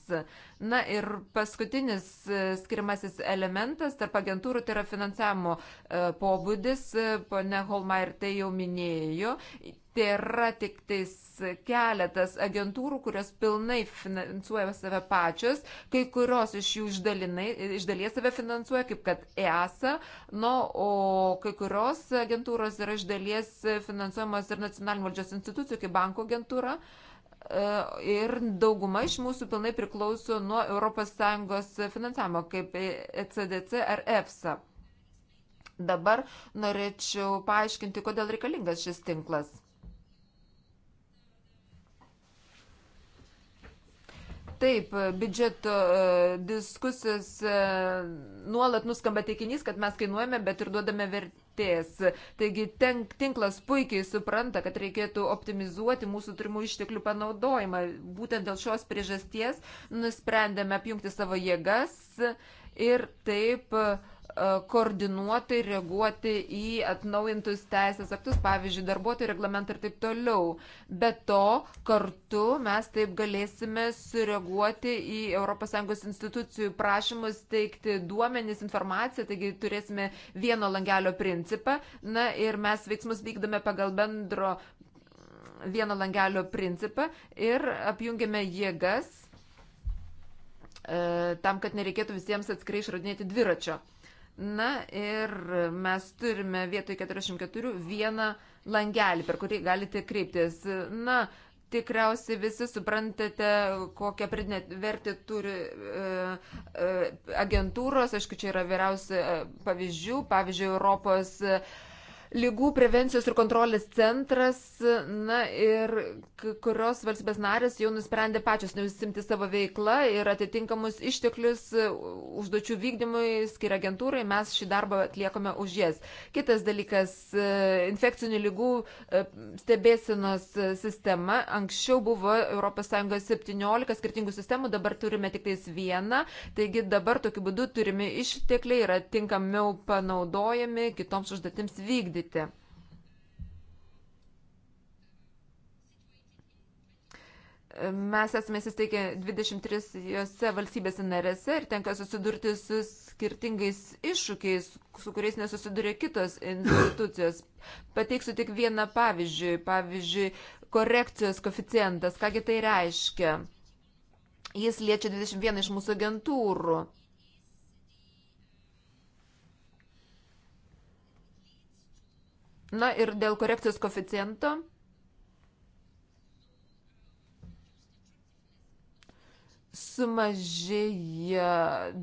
Na ir paskutinis e, skirimasis elementas tarp agentūrų tai yra finansavimo e, pobūdis, e, pone Holma ir tai jau minėjo. Tai yra tik tais keletas agentūrų, kurios pilnai finansuoja save pačios, kai kurios iš jų išdalinai, iš dalies save finansuoja, kaip kad EASA, nu, o kai kurios agentūros yra iš dalies finansuojamos ir nacionalinių valdžios institucijų, kaip banko agentūra. Uh, E, ir dauguma iš mūsų pilnai priklauso nuo ES finansavimo, kaip ECDC ar EFSA. Dabar norėčiau paaiškinti, kodėl reikalingas šis tinklas. Taip, biudžeto e, diskusijos e, nuolat nuskamba teikinys, kad mes kainuojame, bet ir duodame vertę vertės. Taigi tenk, tinklas puikiai supranta, kad reikėtų optimizuoti mūsų turimų išteklių panaudojimą. Būtent dėl šios priežasties nusprendėme apjungti savo jėgas ir taip uh, E, koordinuoti, reaguoti į atnaujintus teisės aktus, pavyzdžiui, darbuotojų reglamentą ir taip toliau. Be to, kartu mes taip galėsime sureaguoti į ES institucijų prašymus teikti duomenys, informaciją, taigi turėsime vieno langelio principą. Na ir mes veiksmus vykdome pagal bendro vieno langelio principą ir apjungiame jėgas e, tam, kad nereikėtų visiems atskirai išradinėti dviračio. Na ir mes turime vietoj 44 vieną langelį, per kurį galite kreiptis. Na, tikriausiai visi suprantate, kokią pridinę vertę turi e, e, agentūros. Aišku, čia yra vyriausi e, pavyzdžių. Pavyzdžiui, Europos. E, lygų prevencijos ir kontrolės centras, na ir kurios valstybės narės jau nusprendė pačios neusimti savo veiklą ir atitinkamus išteklius e, užduočių vykdymui skiria agentūrai, mes šį darbą atliekame už jas. Kitas dalykas e, - infekcinių lygų e, stebėsinos sistema. Anksčiau buvo ES 17 skirtingų sistemų, dabar turime tik tais vieną, taigi dabar tokiu būdu turimi ištekliai yra tinkamiau panaudojami kitoms užduotims vykdyti audite. Mes esame įsisteigę 23 valstybėse narėse ir tenka susidurti su skirtingais iššūkiais, su kuriais nesusiduria kitos institucijos. Pateiksiu tik vieną pavyzdžių. Pavyzdžiui, korekcijos koficijantas. Kągi tai reiškia? Jis liečia 21 iš mūsų agentūrų. Na ir dėl korekcijos koficiento. Sumažėja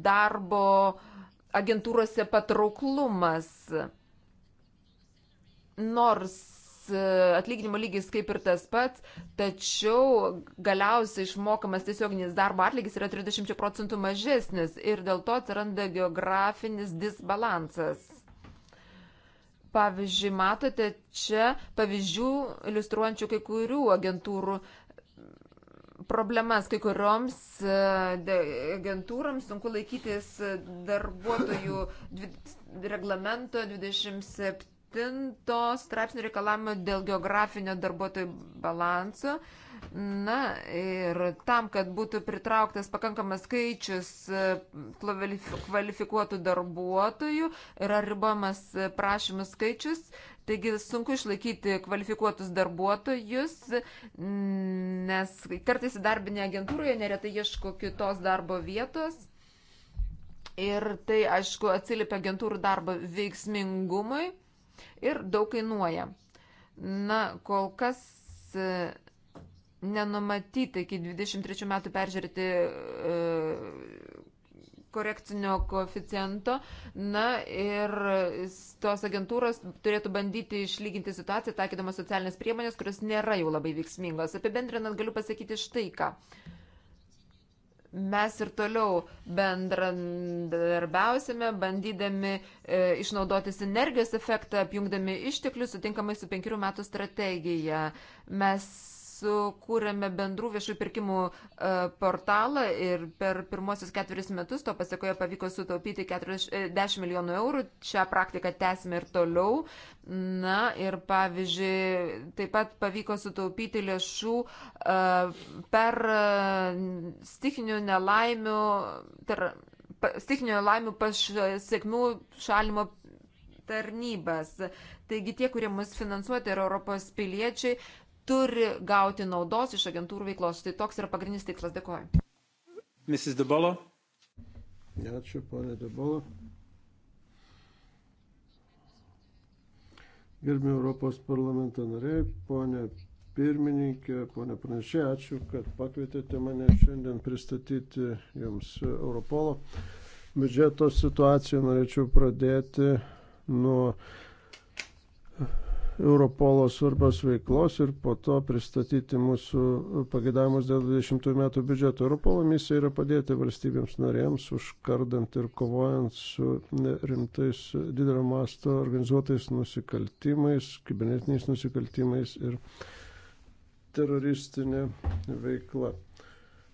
darbo agentūrose patrauklumas. Nors e, atlyginimo lygis kaip ir tas pats, tačiau galiausiai išmokamas tiesioginis darbo atlygis yra 30 procentų mažesnis ir dėl to atsiranda geografinis disbalansas. Pavyzdžiui, matote čia pavyzdžių iliustruojančių kai kurių agentūrų problemas, kai kurioms e, agentūrams sunku laikytis darbuotojų reglamento 27 septinto straipsnio reikalavimo dėl geografinio darbuotojų balanso. Na ir tam, kad būtų pritrauktas pakankamas skaičius e, kvalifikuotų darbuotojų, yra ribomas prašymų skaičius, taigi sunku išlaikyti kvalifikuotus darbuotojus, nes kartais įdarbinė agentūroje neretai ieško kitos darbo vietos. Ir tai, aišku, atsiliepia agentūrų darbo veiksmingumui ir daug kainuoja. Na, kol kas e, nenumatyta iki 23 metų peržiūrėti e, korekcinio koeficiento. Na ir tos agentūros turėtų bandyti išlyginti situaciją, taikydama socialinės priemonės, kurios nėra jau labai veiksmingos. Apibendrinant, galiu pasakyti štai ką. Uh, mes ir toliau bendradarbiausime, bandydami e, išnaudoti sinergijos efektą, apjungdami išteklius, sutinkamai su penkerių metų strategija. Mes sukūrėme bendrų viešų pirkimų e, portalą ir per pirmosius ketveris metus to pasiekoje pavyko sutaupyti 40 e, milijonų eurų. Šią praktiką tęsime ir toliau. Na ir pavyzdžiui, taip pat pavyko sutaupyti lėšų e, per stikinių nelaimių, tar, stikinių nelaimių pasiekmių šalimo tarnybas. Taigi tie, kurie mus finansuoti, yra Europos piliečiai, turi gauti naudos iš agentūrų veiklos. Tai toks yra pagrindinis tikslas. Dėkuoju. Mrs. Debolo. Ačiū, ponė Debolo. Gerbimi Europos parlamento nariai, ponė pirmininkė, ponė pranešė, ačiū, kad pakvietėte mane šiandien pristatyti jums Europolo biudžeto situaciją. Norėčiau pradėti nuo Europolo svarbios veiklos ir po to pristatyti mūsų pagėdavimus dėl 20 metų biudžeto. Europolo misija yra padėti valstybėms narėms, užkardant ir kovojant su rimtais didelio masto organizuotais nusikaltimais, kibernetiniais nusikaltimais ir teroristinė veikla.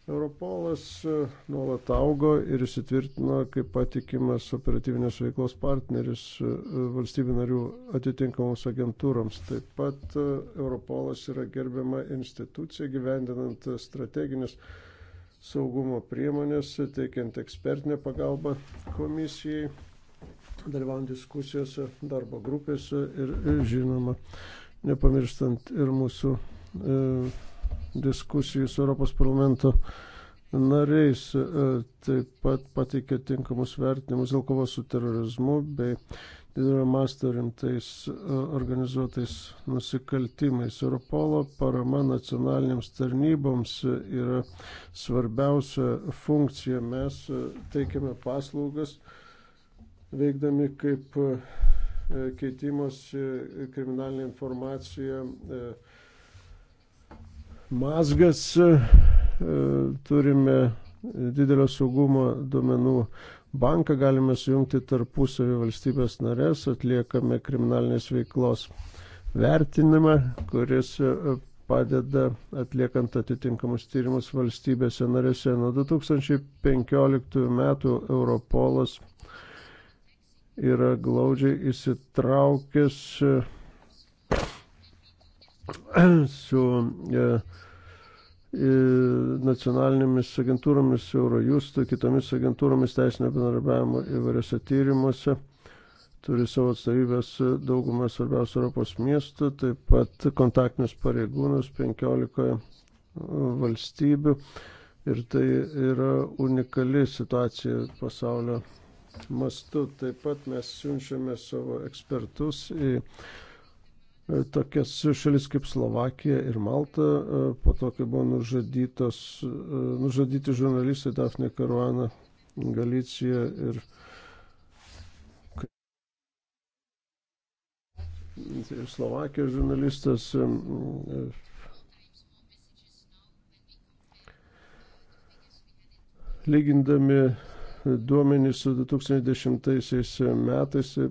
Europolas e, nuolat augo ir įsitvirtino kaip patikimas operatyvinės veiklos partneris e, valstybių narių atitinkamoms agentūroms. Taip pat e, Europolas yra gerbiama institucija gyvendinant strateginės saugumo priemonės, teikiant ekspertinę pagalbą komisijai, dalyvaujant diskusijose, darbo grupėse ir, ir žinoma, nepamirštant ir mūsų. E, diskusijų su Europos parlamento nariais. E, taip pat pateikė tinkamus vertinimus dėl kovos su terorizmu bei didelio masto rimtais e, organizuotais nusikaltimais. Europolo parama nacionaliniams tarnyboms yra svarbiausia funkcija. Mes e, teikiame paslaugas veikdami kaip keitimas kriminalinė informacija mazgas, e, turime didelio saugumo duomenų banką, galime sujungti tarpusavį valstybės narės, atliekame kriminalinės veiklos vertinimą, kuris e, padeda atliekant atitinkamus tyrimus valstybėse narėse. Nuo 2015 metų Europolas yra glaudžiai įsitraukęs e, su e, e, nacionalinėmis agentūromis, Eurojustu, kitomis agentūromis teisinio bendarbiavimo įvairiose tyrimuose. Turi savo atstovybės daugumą svarbiausių Europos miestų, taip pat kontaktinius pareigūnus 15 e, valstybių. Ir tai yra unikali situacija pasaulio mastu. Taip pat mes siunčiame savo ekspertus į E, tokias šalis kaip Slovakija ir Malta, e, po to, kai buvo e, nužudyti žurnalistai Dafne Karuana, Galicija ir ir Slovakijos žurnalistas. Lygindami duomenys su 2010 metais e,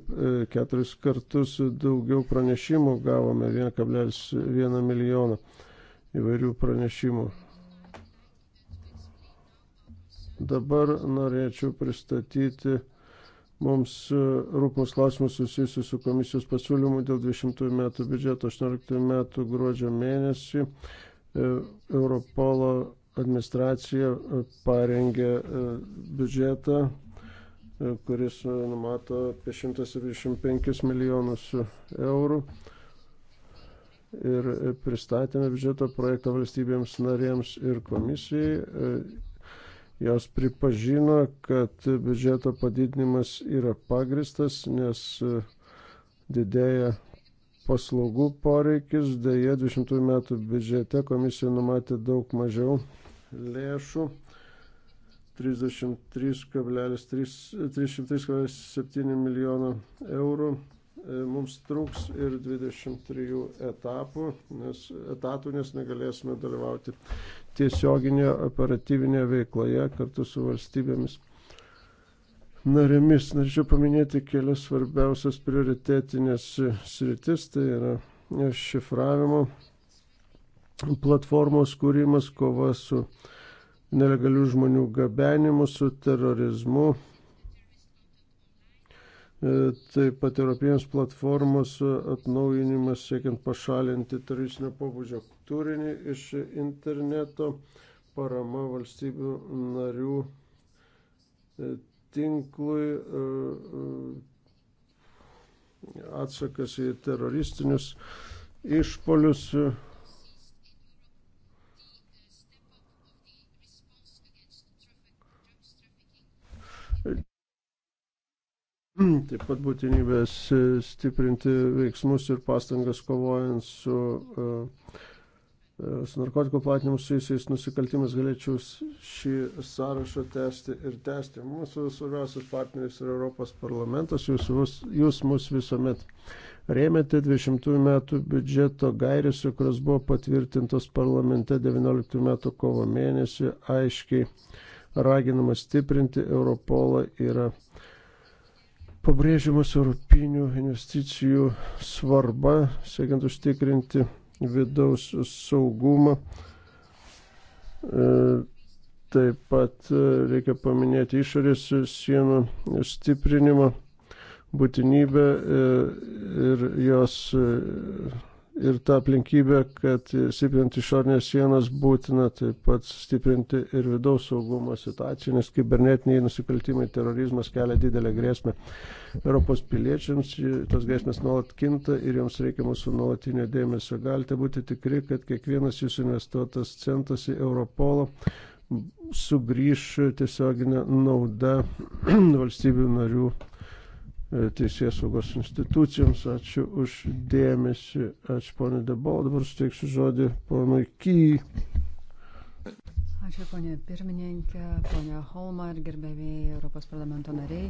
keturis kartus daugiau pranešimų gavome, 1,1 milijoną įvairių pranešimų. Dabar norėčiau pristatyti mums rūpmus klausimus susijusius su komisijos pasiūlymu dėl 20 metų biudžeto 18 metų gruodžio mėnesį e, Europolo administracija e, parengė e, biudžetą, e, kuris numato apie 175 milijonus eurų. Ir pristatėme biudžeto projektą valstybėms narėms ir komisijai. Jos pripažino, kad biudžeto padidinimas yra pagristas, nes didėja paslaugų poreikis, dėje 200 metų biudžete komisija numatė daug mažiau lėšų. 33,7 milijono eurų e, mums trūks ir 23 etapų, nes, etatų, nes negalėsime dalyvauti tiesioginėje operatyvinėje veikloje kartu su valstybėmis narėmis. Norėčiau paminėti kelias svarbiausias prioritetinės sritis, tai yra šifravimo platformos kūrimas, kova su nelegalių žmonių gabenimu, su terorizmu. E, taip pat Europinės platformos atnaujinimas siekiant pašalinti teroristinio pobūdžio turinį iš interneto, parama valstybių narių e, tinklui, e, atsakas į teroristinius išpolius Mm, taip pat būtinybės stiprinti veiksmus ir pastangas kovojant su, e, e, su narkotikų platinimu susijusiais nusikaltimais galėčiau šį sąrašą tęsti ir tęsti. Mūsų svarbiausias partneris yra Europos parlamentas, jūs, jūs mus visuomet rėmėte 20 metų biudžeto gairėse, kurios buvo patvirtintos parlamente 19 metų kovo mėnesį, aiškiai raginama stiprinti Europolą yra pabrėžiamas europinių investicijų svarba, siekiant užtikrinti vidaus saugumą. E, taip pat e, reikia paminėti išorės sienų stiprinimą, būtinybę e, ir jos ir tą aplinkybę, kad stiprinti išornės sienas būtina taip pat stiprinti ir vidaus saugumo situaciją, nes kibernetiniai nusikaltimai, terorizmas kelia didelę grėsmę Europos piliečiams, tos grėsmės nuolat kinta ir joms reikia mūsų nuolatinio dėmesio. Galite būti tikri, kad kiekvienas jūsų investuotas centas į Europolą sugrįš tiesioginę naudą valstybių narių E, teisės saugos institucijoms. Ačiū už dėmesį. Ačiū ponė Debal. Dabar suteiksiu žodį ponui Kyj. Ačiū ponė pirmininkė, ponė Holmar, gerbėmiai Europos parlamento nariai.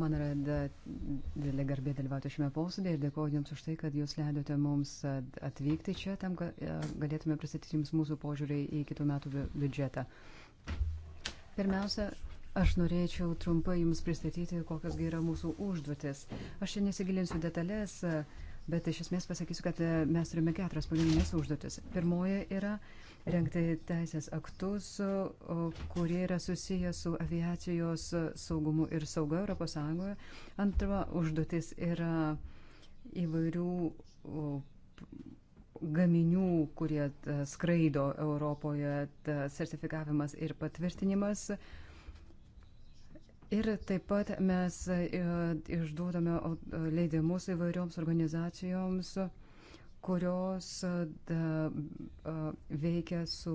Man yra didelė garbė dalyvauti šiame posėdėje ir dėkoju Jums už tai, kad Jūs leidote mums atvykti čia, tam, kad e, galėtume pristatyti Jums mūsų požiūrį į kitų metų biudžetą. Pirmiausia, Aš norėčiau trumpai Jums pristatyti, kokios yra mūsų užduotis. Aš čia nesigilinsiu detalės, bet iš esmės pasakysiu, kad e, mes turime keturias pagrindinės užduotis. Pirmoji yra rengti teisės aktus, kurie yra susiję su aviacijos saugumu ir sauga ES. Antra užduotis yra įvairių gaminių, kurie e, skraido Europoje, sertifikavimas ir patvirtinimas. Ir taip pat mes e, išduodame leidimus įvairioms organizacijoms, kurios e, da, e, veikia su,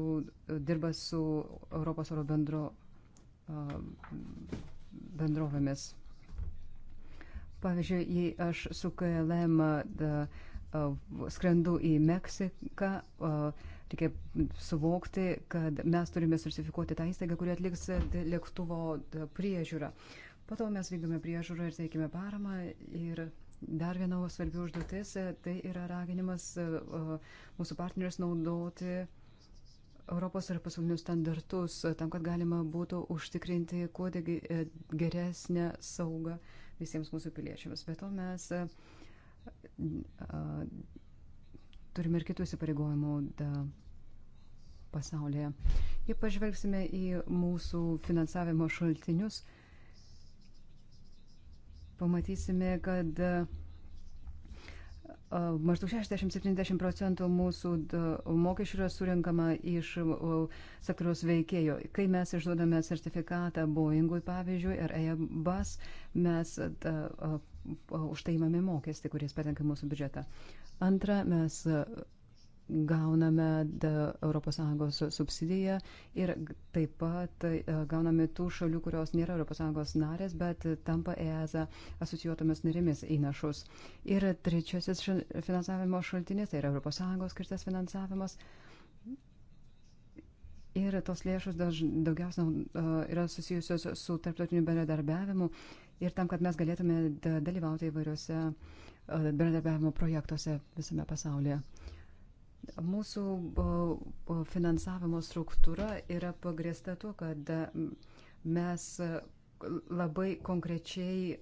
dirba su Europos oro bendro, bendrovėmis. Pavyzdžiui, jei aš su KLM da, skrendu į Meksiką, a, Reikia suvokti, kad mes turime sertifikuoti tą įstaigą, kuri atliks e, lėktuvo priežiūrą. Po to mes vykdome priežiūrą ir teikime paramą. Ir dar viena svarbi užduotis e, - tai yra raginimas e, mūsų partnerius naudoti Europos ir pasaulinius standartus, tam, kad galima būtų užtikrinti kuo geresnę saugą visiems mūsų piliečiams. Be to mes turime ir kitų įsipareigojimų pasaulyje. Jei pažvelgsime į mūsų finansavimo šaltinius, pamatysime, kad maždaug 60-70 procentų mūsų mokesčių yra surinkama iš sektoriaus veikėjo. Kai mes išduodame sertifikatą Boeingui, pavyzdžiui, ar Airbus, mes už tai įmame mokestį, kuris patenka mūsų biudžetą. Antra, mes gauname ES subsidiją ir taip pat e, gauname tų šalių, kurios nėra ES narės, bet tampa EASA asocijuotomis narėmis įnašus. Ir trečiasis finansavimo šaltinis, tai yra ES skirtas finansavimas. Ir tos lėšos daž, daugiausia uh, yra susijusios su tarptautiniu bendradarbiavimu. Uh, ir tam, kad mes galėtume dalyvauti įvairiuose bendradarbiavimo projektuose visame pasaulyje. Mūsų finansavimo struktūra yra pagrėsta tuo, kad mes labai konkrečiai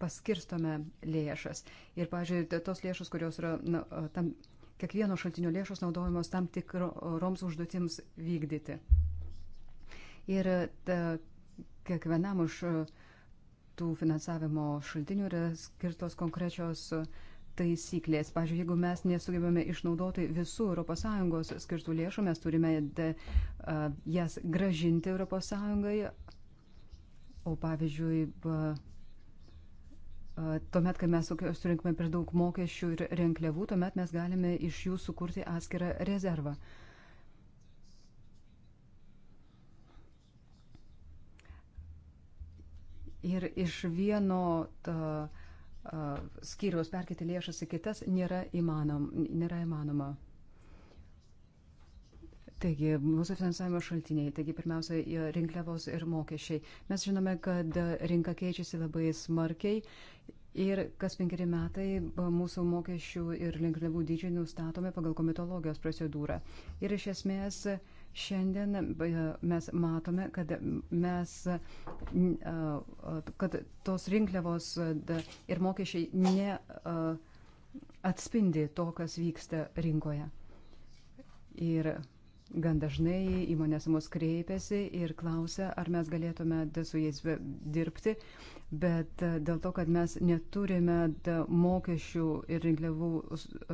paskirstome lėšas. Ir, pažiūrėjau, tos lėšos, kurios yra na, tam, kiekvieno šaltinio lėšos naudojamos tam tikroms užduotims vykdyti. Ir ta, kiekvienam iš uh, tų finansavimo šaltinių yra skirtos konkrečios taisyklės. Pavyzdžiui, jeigu mes nesugebame išnaudoti visų ES skirtų lėšų, mes turime de, uh, jas gražinti ES. O pavyzdžiui, uh, tuomet, kai mes surinkame per daug mokesčių ir renkliavų, tuomet mes galime iš jų sukurti atskirą rezervą. Uh, ir iš vieno ta, skyriaus perkėti lėšas į kitas nėra, įmanom, nėra įmanoma. Taigi, mūsų finansavimo šaltiniai, taigi pirmiausia, rinkliavos ir mokesčiai. Mes žinome, kad rinka keičiasi labai smarkiai ir kas penkeri metai mūsų mokesčių ir rinkliavų dydžiai nustatomi pagal komitologijos procedūrą. Ir iš esmės, uh, Šiandien e, mes matome, kad, mes, e, kad tos rinkliavos e, ir mokesčiai neatspindi to, kas vyksta rinkoje. Ir Gan dažnai įmonės mus kreipiasi ir klausia, ar mes galėtume su jais dirbti, bet e, dėl to, kad mes neturime mokesčių ir rinkliavų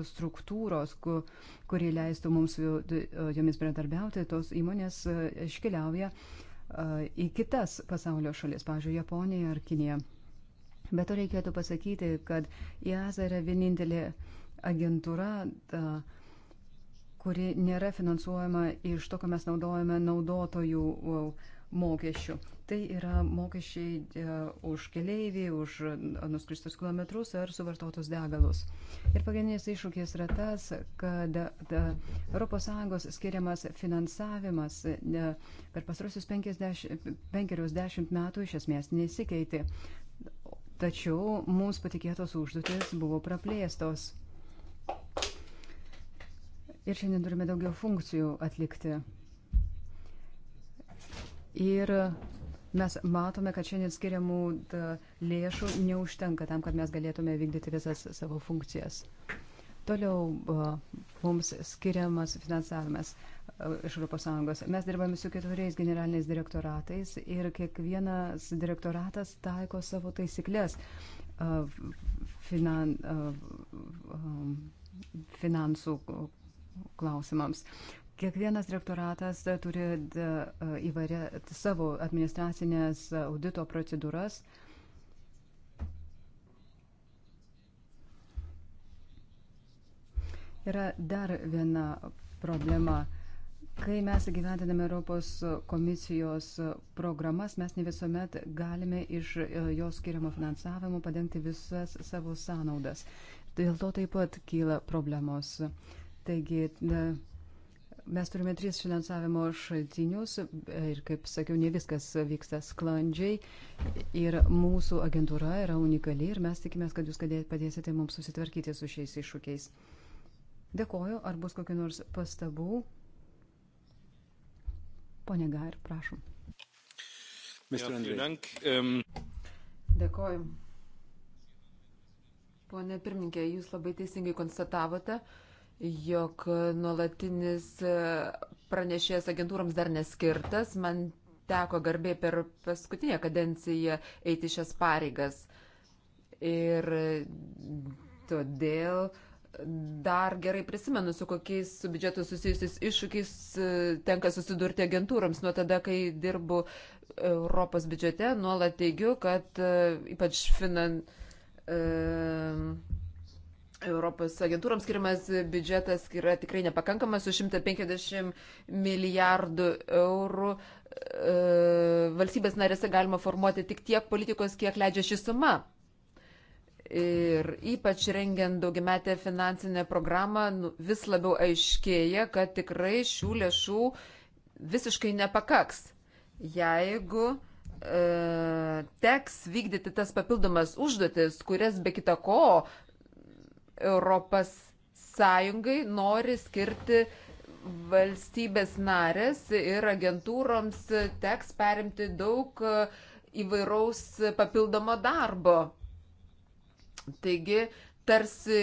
struktūros, kuri leistų mums e, jomis bendradarbiauti, tos įmonės e, iškeliauja į kitas pasaulio šalis, pavyzdžiui, Japoniją ar Kiniją. Bet to reikėtų pasakyti, kad JAZA yra vienintelė agentūra. Ta, kuri nėra finansuojama iš to, ką mes naudojame naudotojų mokesčių. Tai yra mokesčiai e, už keleivį, už nuskristus kilometrus ar suvartotus degalus. Ir pagrindinis iššūkis yra tas, kad ES skiriamas finansavimas e, per pasrusius penkerius dešimt metų iš esmės nesikeitė. Tačiau mums patikėtos užduotis buvo praplėstos. Ir šiandien turime daugiau funkcijų atlikti. Ir mes matome, kad šiandien skiriamų lėšų neužtenka tam, kad mes galėtume vykdyti visas savo funkcijas. Toliau mums skiriamas finansavimas iš ES. Mes dirbame su keturiais generaliniais direktoratais ir kiekvienas direktoratas taiko savo taisyklės finan, finansų klausimams. Kiekvienas rektoratas turi e, įvairia savo administracinės audito procedūras. Yra dar viena problema. Kai mes gyventiname Europos komisijos programas, mes ne visuomet galime iš e, jos skiriamo finansavimo padengti visas savo sąnaudas. Dėl to taip pat kyla problemos. Uh, Taigi mes turime tris finansavimo šaltinius ir, kaip sakiau, ne viskas vyksta sklandžiai. Ir mūsų agentūra yra unikali ir mes tikimės, kad jūs padėsite mums susitvarkyti su šiais iššūkiais. Dėkoju, ar bus kokiu nors pastabų? Pone Gair, prašom. Mr. Andrej. Ähm, Dėkoju. Pone pirmininkė, jūs labai teisingai konstatavote, jog nuolatinis e, pranešėjas agentūrams dar neskirtas. Man teko garbė per paskutinę kadenciją eiti šias pareigas. Ir todėl dar gerai prisimenu, su kokiais su biudžetu susijusiais iššūkiais e, tenka susidurti agentūrams. Nuo tada, kai dirbu Europos biudžete, nuolat teigiu, kad e, ypač finan. E, Europos agentūroms skiriamas biudžetas yra tikrai nepakankamas, su 150 milijardų eurų e, valstybės narėse galima formuoti tik tiek politikos, kiek leidžia ši suma. Ir ypač rengiant daugiametę finansinę programą nu, vis labiau aiškėja, kad tikrai šių lėšų visiškai nepakaks. Jeigu e, teks vykdyti tas papildomas užduotis, kurias be kita ko Europos Sąjungai nori skirti valstybės narės ir agentūroms teks perimti daug įvairaus papildomo darbo. Taigi, tarsi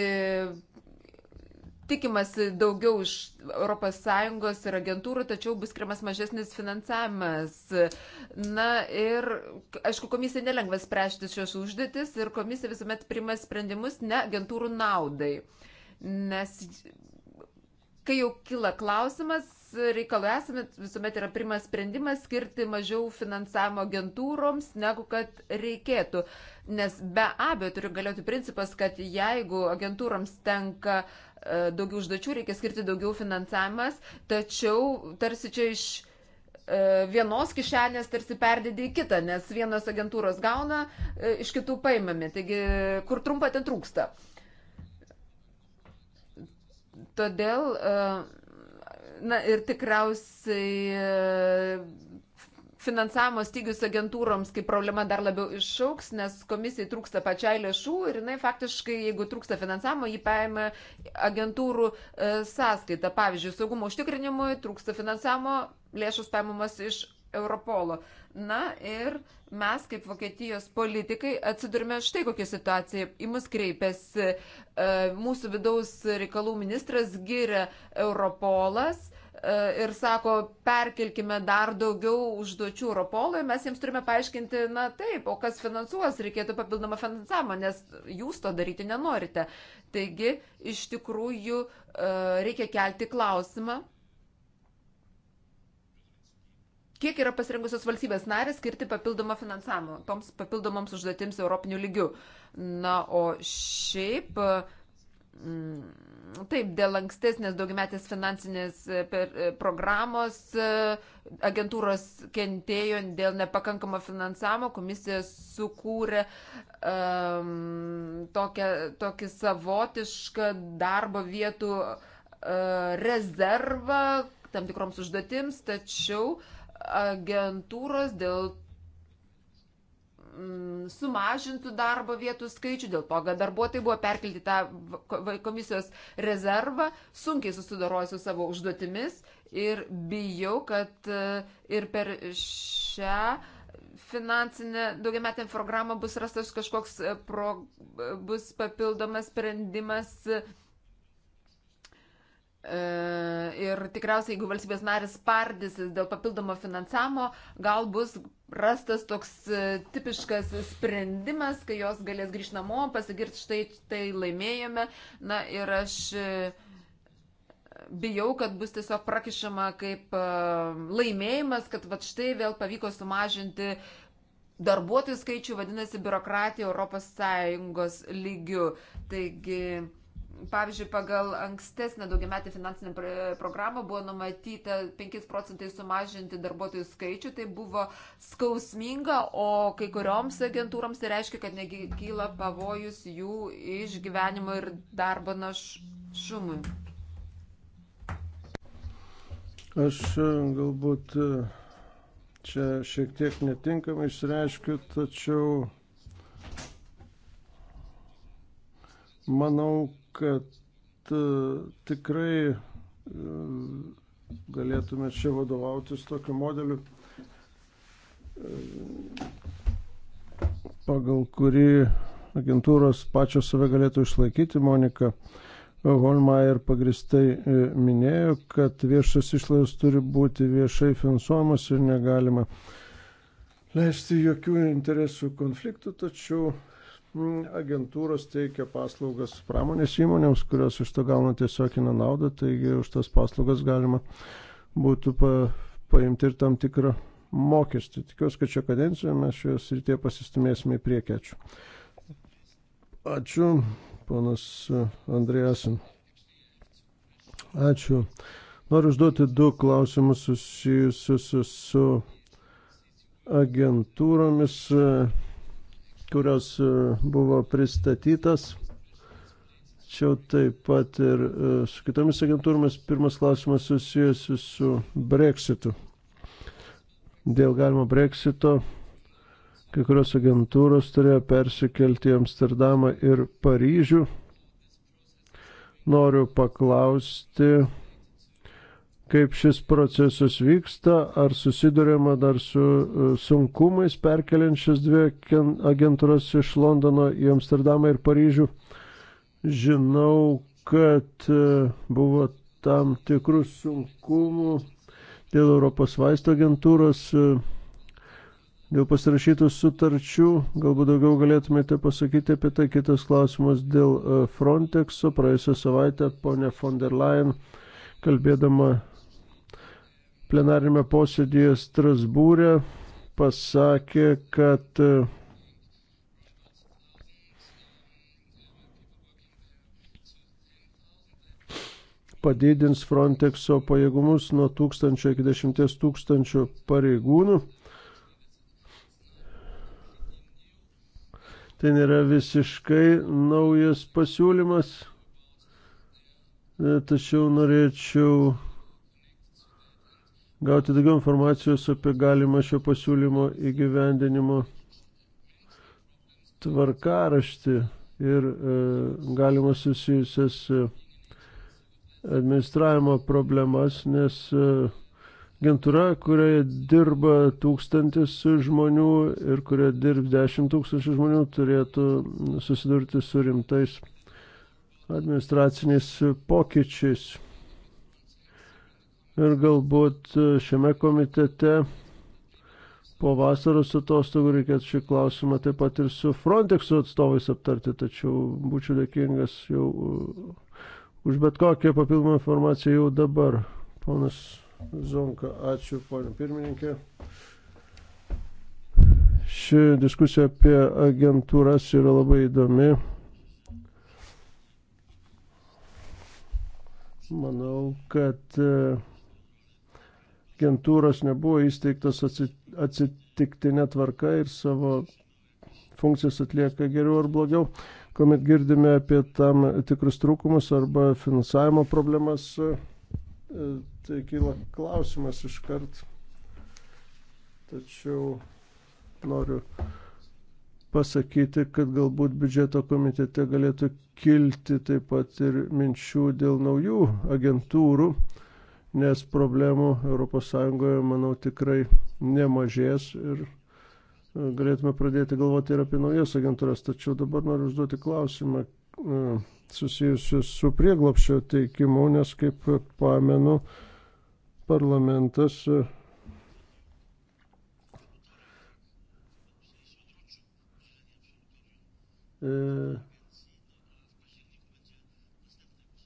tikimasi daugiau iš ES ir agentūrų, tačiau bus skiriamas mažesnis finansavimas. Na ir, aišku, komisija nelengva spręsti šios užduotis ir komisija visuomet priima sprendimus ne agentūrų naudai. Nes kai jau kyla klausimas, reikalų esame, visuomet yra primas sprendimas skirti mažiau finansavimo agentūroms, negu kad reikėtų. Nes be abejo turi galioti principas, kad jeigu agentūroms tenka uh, E, daugiau užduočių, reikia skirti daugiau finansavimas, tačiau tarsi čia iš e, vienos kišenės tarsi perdėdė į kitą, nes vienos agentūros gauna, e, iš kitų paimami. Taigi, kur trumpa, ten trūksta. Todėl, na ir tikriausiai finansavimo stygius agentūroms kaip problema dar labiau išauks, nes komisijai trūksta pačiai lėšų ir jinai faktiškai, jeigu trūksta finansavimo, jį paima agentūrų e, sąskaitą. Pavyzdžiui, saugumo užtikrinimui trūksta finansavimo, lėšus paimamas iš Europolo. Na ir mes, kaip Vokietijos politikai, atsidurime štai kokią situaciją. Į mus kreipiasi e, mūsų vidaus reikalų ministras, gyrė Europolas E, ir sako, perkelkime dar daugiau užduočių Europolui, mes jiems turime paaiškinti, na taip, o kas finansuos, reikėtų papildomą finansavimą, nes jūs to daryti nenorite. Taigi, iš tikrųjų, e, reikia kelti klausimą, kiek yra pasirengusios valstybės narės skirti papildomą finansavimą toms papildomoms užduotims Europinių lygių. Na, o šiaip. Uh, Mm, taip, dėl ankstesnės daugiametės finansinės e, per, e, programos e, agentūros kentėjo dėl nepakankamo finansavimo, komisija sukūrė um, tokią, tokį savotišką darbo vietų uh, rezervą tam tikroms užduotims, tačiau agentūros dėl mm, sumažintų darbo vietų skaičių, dėl to, kad darbuotojai buvo perkelti tą komisijos rezervą, sunkiai susidaroja su savo užduotimis ir bijau, kad e, ir per šią finansinę daugiametę programą bus rastas kažkoks e, pro, e, bus papildomas sprendimas Ir tikriausiai, jeigu valstybės narės pardysis dėl papildomo finansavimo, gal bus rastas toks e, tipiškas sprendimas, kai jos galės grįžti namo, pasigirti štai tai laimėjome. Na ir aš e, bijau, kad bus tiesiog prakišama kaip e, laimėjimas, kad va štai vėl pavyko sumažinti darbuotojų skaičių, vadinasi, biurokratija Europos Sąjungos lygių. Taigi, Pavyzdžiui, pagal ankstesnę daugiametį finansinę programą buvo numatyta 5 procentai sumažinti darbuotojų skaičių. Tai buvo skausminga, o kai kurioms agentūroms tai reiškia, kad negyla pavojus jų išgyvenimo ir darbo našumui. Aš e, galbūt e, čia šiek tiek netinkamai išreiškiu, tačiau manau, kad e, tikrai e, galėtume čia vadovautis tokiu modeliu, e, pagal kurį agentūros pačios save galėtų išlaikyti. Monika Holmeier pagristai minėjo, kad viešas išlaidos turi būti viešai finansuojamas ir negalima leisti jokių interesų konfliktų, tačiau Mm, agentūros teikia paslaugas pramonės įmonėms, kurios iš to gauna tiesioginę naudą, taigi už tas paslaugas galima būtų pa, paimti ir tam tikrą mokestį. Tikiuosi, kad šio kadencijoje mes šioje srityje pasistumėsime į priekį. Ačiū. Ačiū, ponas Andrėjasin. Ačiū. Noriu užduoti du klausimus susijusius su agentūromis. Uh, kurios e, buvo pristatytas. Čia taip pat ir e, su kitomis agentūromis pirmas klausimas susijęs su breksitu. Dėl galimo breksito kai kurios agentūros turėjo persikelti į Amsterdamą ir Paryžių. Noriu paklausti, kaip šis procesas vyksta, ar susidurėma dar su e, sunkumais perkeliant šias dvi agentūras iš Londono į Amsterdamą ir Paryžių. Žinau, kad e, buvo tam tikrų sunkumų dėl Europos vaisto agentūros, e, dėl pasirašytų sutarčių. Galbūt daugiau galėtumėte pasakyti apie tai kitas klausimas dėl Frontexo. Praėjusią savaitę ponė von der Leyen kalbėdama plenarinėme posėdėje Strasbūrė pasakė, kad e, padidins Frontexo pajėgumus nuo 1000 iki 10 tūkstančių pareigūnų. Tai nėra visiškai naujas pasiūlymas, e, tačiau norėčiau gauti daugiau informacijos apie galimą šio pasiūlymo įgyvendinimo tvarkaraštį ir e, galimas susijusias e, administravimo problemas, nes e, agentūra, kurioje dirba tūkstantis žmonių ir kurioje dirb dešimt tūkstančių žmonių, turėtų susidurti su rimtais administraciniais pokyčiais ir galbūt e, šiame komitete po vasaros atostogų reikėtų šį klausimą taip pat ir su Frontexo atstovais aptarti, tačiau būčiau dėkingas jau e, už bet kokią papildomą informaciją jau dabar. Ponas Zonka, ačiū, ponė pirmininkė. Ši diskusija apie agentūras yra labai įdomi. Manau, kad uh, agentūros nebuvo įsteigtos atsitiktinė tvarka ir savo funkcijas atlieka geriau ar blogiau, kuomet girdime apie tam tikrus trūkumus arba finansavimo problemas, e, tai kyla klausimas iškart. Tačiau noriu pasakyti, kad galbūt biudžeto komitete galėtų kilti taip pat ir minčių dėl naujų agentūrų nes problemų ES, manau, tikrai nemažės ir e, galėtume pradėti galvoti ir apie naujas agentūras. Tačiau dabar noriu užduoti klausimą e, susijusiu su prieglopščio teikimu, nes kaip pamenu, parlamentas e,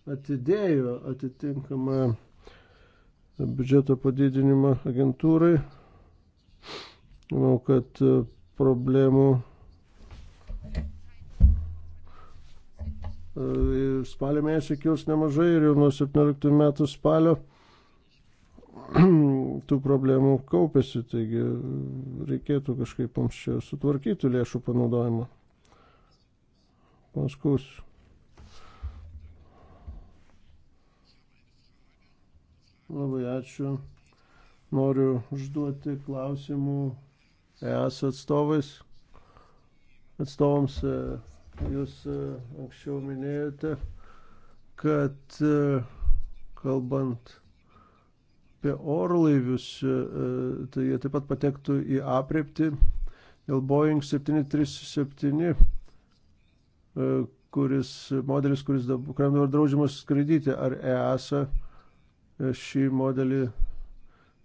atidėjo atitinkamą biudžeto padidinimą agentūrai. Manau, kad e, problemų e, spalio mėnesį kils nemažai ir jau nuo 17 metų spalio tų problemų kaupėsi, taigi reikėtų kažkaip mums čia sutvarkyti lėšų panaudojimą. Paskui. Labai ačiū. Noriu užduoti klausimų ES atstovais. Atstovams e, jūs e, anksčiau minėjote, kad e, kalbant apie orlaivius, tai jie taip pat patektų į apriepti dėl Boeing 737, kuris modelis, kuris, kuriam dabar draudžiamas skraidyti, ar EASA šį modelį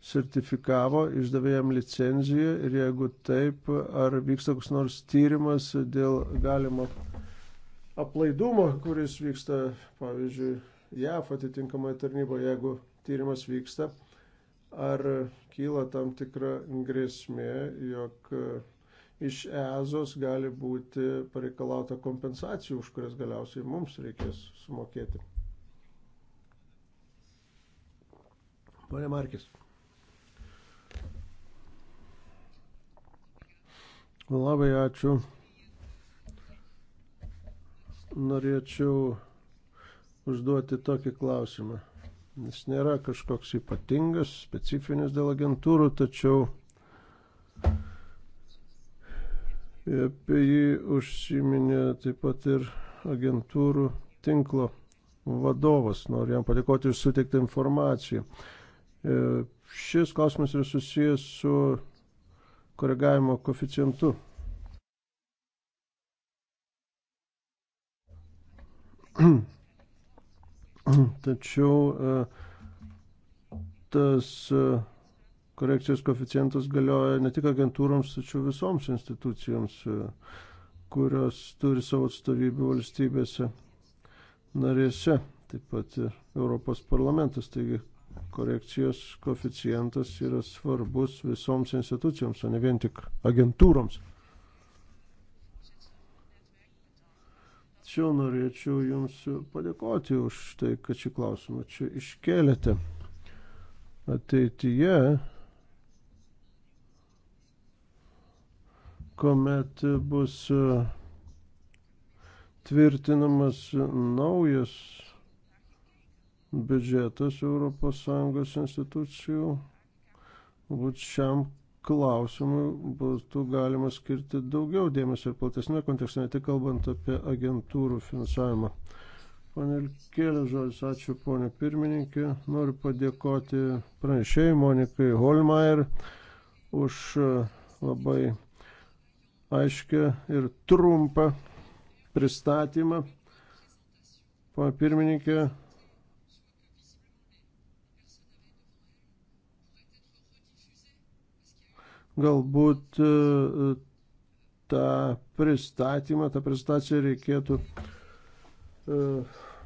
sertifikavo, išdavė jam licenciją ir jeigu taip, ar vyksta koks nors tyrimas dėl galimo aplaidumo, kuris vyksta, pavyzdžiui, JAF atitinkamoje tarnyboje, jeigu tyrimas vyksta, ar kyla tam tikra grėsmė, jog iš EZOS gali būti pareikalauta kompensacijų, už kurias galiausiai mums reikės sumokėti. Pone Markis. Labai ačiū. Norėčiau užduoti tokį klausimą. Jis nėra kažkoks ypatingas, specifinis dėl agentūrų, tačiau apie jį užsiminė taip pat ir agentūrų tinklo vadovas. Noriu jam padėkoti už suteiktą informaciją. E, šis klausimas yra susijęs su koregavimo koficijantu. Tačiau e, tas e, korekcijos koficijantas galioja ne tik agentūroms, tačiau visoms institucijoms, kurios turi savo atstovybių valstybėse narėse, taip pat ir Europos parlamentas. Taigi korekcijos koficijantas yra svarbus visoms institucijoms, o ne vien tik agentūroms. Tačiau norėčiau Jums padėkoti už tai, kad šį klausimą čia iškėlėte. Ateityje, kuomet bus tvirtinamas naujas biudžetas ES institucijų, būt šiam klausimui būtų galima skirti daugiau dėmesio ir platesnė kontekste, ne tik kalbant apie agentūrų finansavimą. Pane Kėlė žodis, ačiū ponė pirmininkė. Noriu padėkoti pranešėjai Monikai Holmeier už labai aiškę ir trumpą pristatymą. Pane pirmininkė, Galbūt e, e, tą pristatymą, tą pristaciją reikėtų e,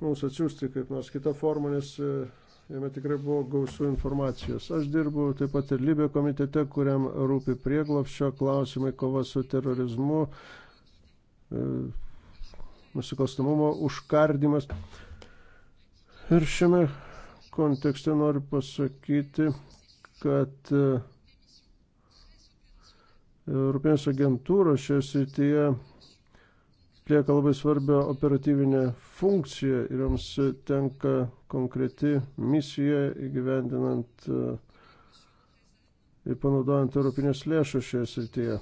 mums atsiųsti kaip nors kitą formą, nes jame tikrai buvo gausų informacijos. Aš dirbu taip pat ir Libė komitete, kuriam rūpi prieglopščio klausimai, kova su terorizmu, nusikostamumo užkardimas. Ir šiame kontekste noriu pasakyti, kad uh, Europinės agentūros šioje srityje atlieka labai svarbią operatyvinę funkciją ir joms tenka konkreti misija įgyvendinant e, ir panaudojant europinės lėšas šioje srityje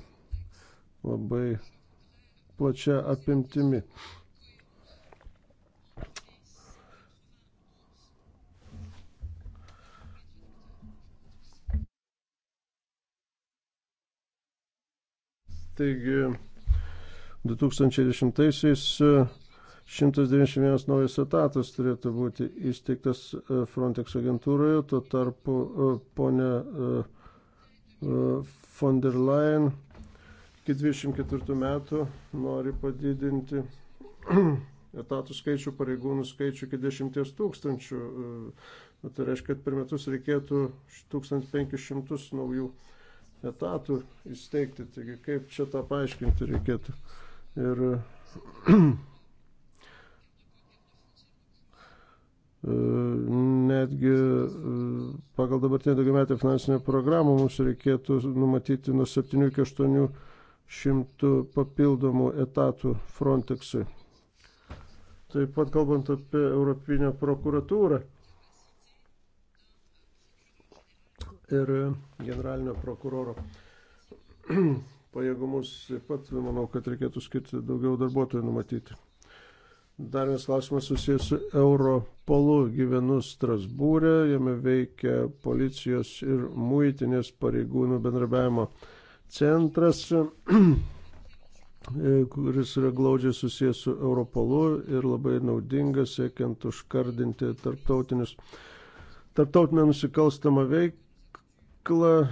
labai plačia apimtimi. Taigi 2010-aisiais 191 e, naujas etatas turėtų būti įsteigtas e, Frontex agentūroje, tuo tarpu e, ponė von der Leyen iki 24 metų nori padidinti etatų skaičių, pareigūnų skaičių iki 10 tūkstančių. Nu, tai reiškia, kad per metus reikėtų 1500 naujų etatų įsteigti. Taigi kaip čia tą paaiškinti reikėtų. Ir e, netgi e, pagal dabartinę daugiametę finansinę programą mums reikėtų numatyti nuo 7 iki 800 papildomų etatų Frontexui. Taip pat kalbant apie Europinę prokuratūrą. ir generalinio prokuroro pajėgumus. Taip pat manau, kad reikėtų skirti daugiau darbuotojų numatyti. Dar vienas klausimas susijęs su Europolu. Gyvenu Strasbūrė, jame veikia policijos ir muitinės pareigūnų bendrabiavimo centras, kuris yra glaudžiai susijęs su Europolu ir labai naudingas, siekiant užkardinti tarptautinius. Tarptautinę nusikalstamą veiklą veiklą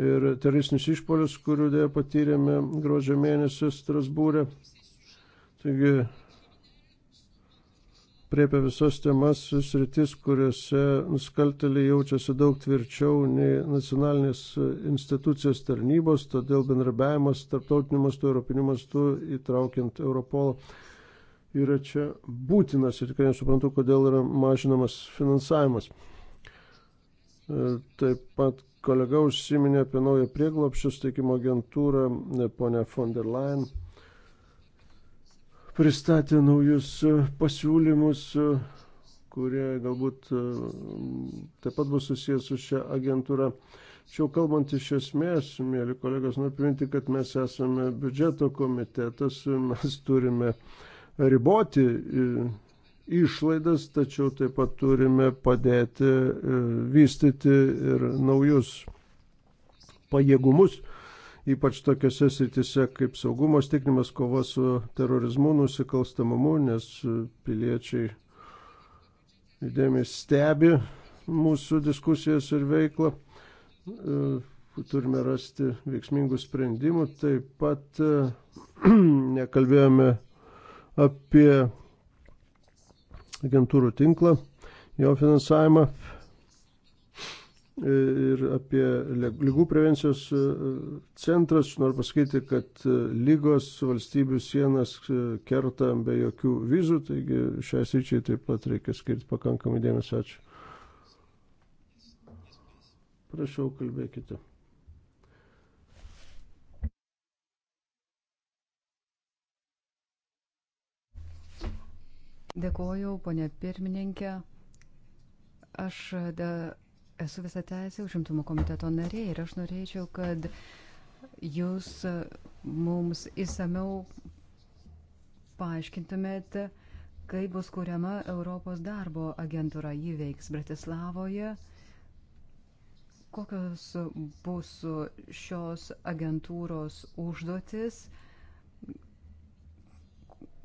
ir teroristinius išpolius, kurių dėja patyrėme gruodžio mėnesį Strasbūrė. Taigi, priepia visas temas, sritis, kuriuose nusikaltėliai jaučiasi daug tvirčiau nei nacionalinės institucijos tarnybos, todėl bendrabiavimas tarptautiniu mastu, europiniu mastu, įtraukiant Europolą, yra čia būtinas ir tikrai nesuprantu, kodėl yra mažinamas finansavimas. Taip pat kolega užsiminė apie naują prieglopščių steikimo agentūrą, e, ponia von der Leyen pristatė naujus e, pasiūlymus, e, kurie galbūt taip pat bus susijęs su šia agentūra. Čia kalbant iš esmės, mėly kolegos, noriu priminti, kad mes esame biudžeto komitetas, mes turime riboti išlaidas, tačiau taip pat turime padėti e, vystyti ir naujus pajėgumus, ypač tokiuose sritise kaip saugumo stiknimas, kova su terorizmu, nusikalstamumu, nes piliečiai įdėmiai stebi mūsų diskusijas ir veiklą. E, turime rasti veiksmingų sprendimų. Taip pat e, nekalbėjome apie agentūrų tinklą, jo finansavimą e, ir apie lygų prevencijos e, centras. Noriu pasakyti, kad e, lygos valstybių sienas kerta be jokių vizų, taigi šią sričiai taip pat reikia skirti pakankamai dėmesio. Ačiū. Prašau, kalbėkite. Dėkoju, ponė pirmininkė. Aš da, esu visą teisę užimtumo komiteto narė ir aš norėčiau, kad jūs mums įsameu paaiškintumėte, kaip bus kuriama Europos darbo agentūra. Ji veiks Bratislavoje. Kokios bus šios agentūros užduotis?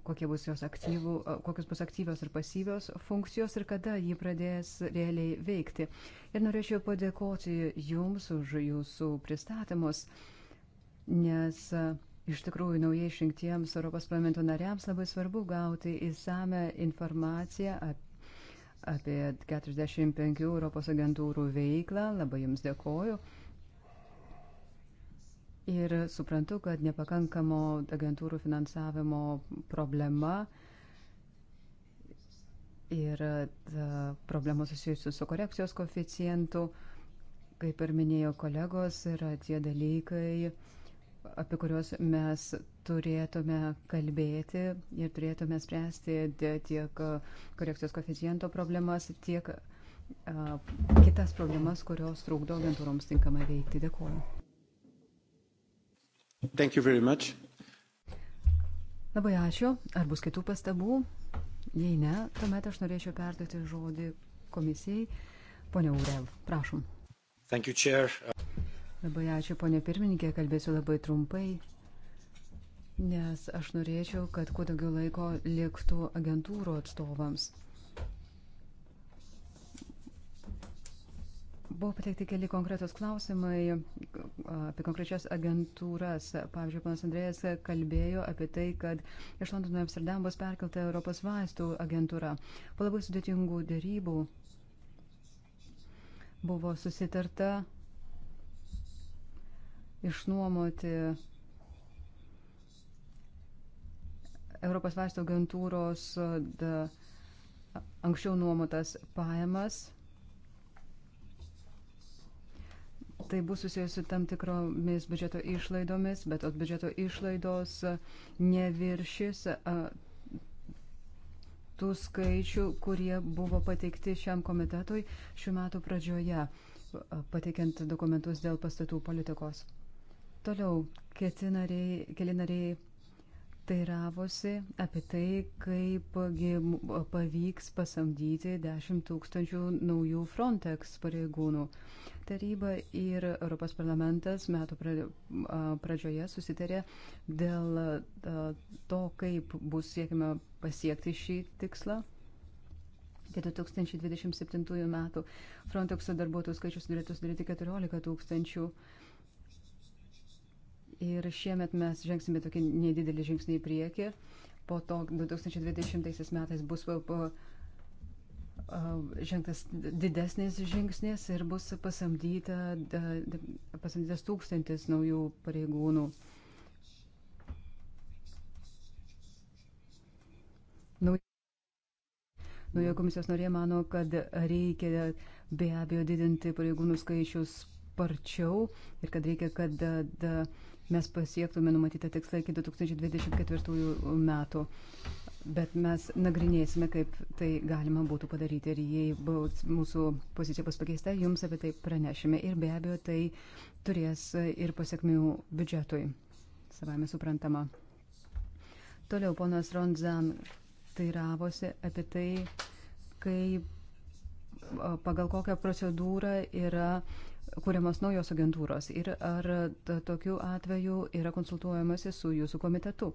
kokie bus jos aktyvų, kokios bus aktyvios ir pasyvios funkcijos ir kada ji pradės realiai veikti. Ir norėčiau padėkoti Jums už Jūsų pristatymus, nes Iš tikrųjų, naujai išrinktiems Europos parlamento nariams labai svarbu gauti įsame informaciją apie 45 Europos agentūrų veiklą. Labai Jums dėkoju. Ir suprantu, kad nepakankamo agentūrų finansavimo problema ir e, problemos susijusios su korekcijos koficijantu, kaip ir minėjo kolegos, yra tie dalykai, apie kuriuos mes turėtume kalbėti ir turėtume spręsti tiek korekcijos koficijento problemas, tiek e, kitas problemas, kurios trukdo agentūroms tinkamai veikti. Dėkuoju. Labai ačiū. Ar bus kitų pastabų? Jei ne, tuomet aš norėčiau perduoti žodį komisijai. Pone Urev, prašom. Thank you, chair. Labai ačiū, ponė pirmininkė, kalbėsiu labai trumpai, nes aš norėčiau, kad kuo daugiau laiko liktų agentūrų atstovams. Buvo pateikti keli konkretus klausimai apie konkrečias agentūras. Pavyzdžiui, panas Andrėjas kalbėjo apie tai, kad iš Londono Amsterdam bus perkelta Europos vaistų agentūra. Po labai sudėtingų dėrybų buvo susitarta išnuomoti Europos vaistų agentūros anksčiau nuomotas pajamas Tai bus susijęs su tam tikromis biudžeto išlaidomis, bet tos biudžeto išlaidos e, neviršys e, tų skaičių, kurie buvo pateikti šiam komitetui šių metų pradžioje, e, pateikiant dokumentus dėl pastatų politikos. Toliau, keli nariai teiravosi apie tai, kaip pavyks pasamdyti 10 tūkstančių naujų Frontex pareigūnų. Taryba ir Europos parlamentas metų pradžioje susitarė dėl to, kaip bus siekime pasiekti šį tikslą. Iki 2027 metų Frontexo darbuotojų skaičius turėtų sudaryti 14 tūkstančių. 000 Ir šiemet mes žengsime tokį nedidelį žingsnį į priekį. Po to 2020 metais bus žengtas didesnis žingsnis ir bus pasamdyta, pasamdytas tūkstantis naujų pareigūnų. Naujo komisijos norė mano, kad reikia be abejo didinti pareigūnų skaičius sparčiau ir kad reikia, kad da, da, mes pasiektume numatytą tikslą iki 2024 metų. Bet mes nagrinėsime, kaip tai galima būtų padaryti ir jei mūsų pozicija bus pakeista, jums apie tai pranešime ir be abejo tai turės ir pasiekmių biudžetui. Savame suprantama. Toliau ponas Ronzan teiravosi apie tai, kaip pagal kokią procedūrą yra kuriamos naujos agentūros ir ar tokiu atveju yra konsultuojamasi su jūsų komitetu.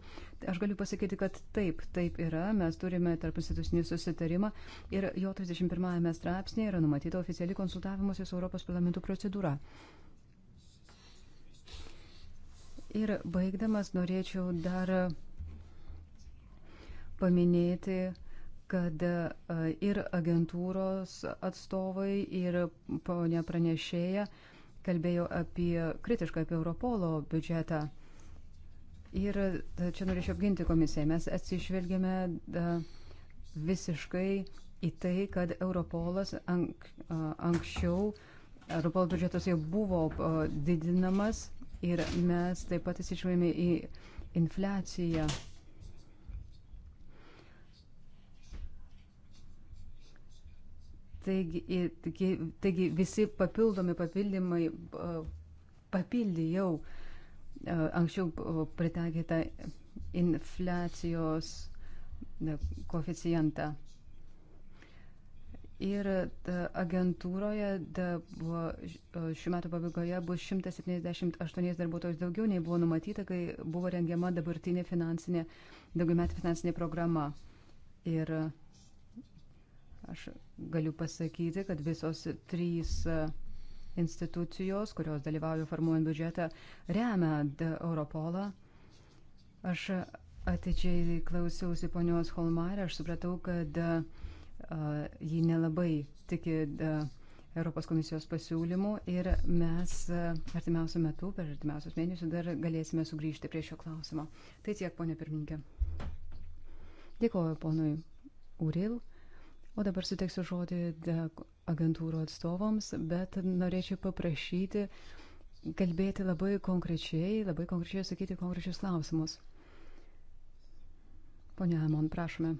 Aš galiu pasakyti, kad taip, taip yra, mes turime tarp institucinį susitarimą ir jo 31 straipsnėje yra numatyta oficiali konsultavimuose su Europos parlamentu procedūra. Ir baigdamas norėčiau dar paminėti, kad e, ir agentūros atstovai, ir ponia pranešėja kalbėjo apie kritišką apie Europolo biudžetą. Ir e, čia norėčiau apginti komisiją. Mes atsižvelgėme e, visiškai į tai, kad Europolas ank, anksčiau, Europolo biudžetas jau buvo didinamas ir mes taip pat atsižvelgėme į infliaciją. Taigi, taigi, taigi visi papildomi papildymai papildė jau anksčiau pritaikytą infliacijos koeficientą. Ir agentūroje šių metų pabaigoje bus 178 darbuotojus daugiau, nei buvo numatyta, kai buvo rengiama dabartinė finansinė, daugiametė finansinė programa. Ir Aš galiu pasakyti, kad visos trys e, institucijos, kurios dalyvauja formuojant biudžetą, remia Europolą. Aš atidžiai klausiausi ponios Holmarė, aš supratau, kad uh, ji nelabai tiki uh, Europos komisijos pasiūlymų ir mes e, artimiausių metų, per artimiausius mėnesius dar galėsime sugrįžti prie šio klausimo. Tai tiek, ponė pirmininkė. Dėkuoju ponui Uril. O dabar suteiksiu žodį e, agentūrų atstovams, bet norėčiau paprašyti kalbėti labai konkrečiai, labai konkrečiai sakyti konkrečius klausimus. Pone Amon, prašome.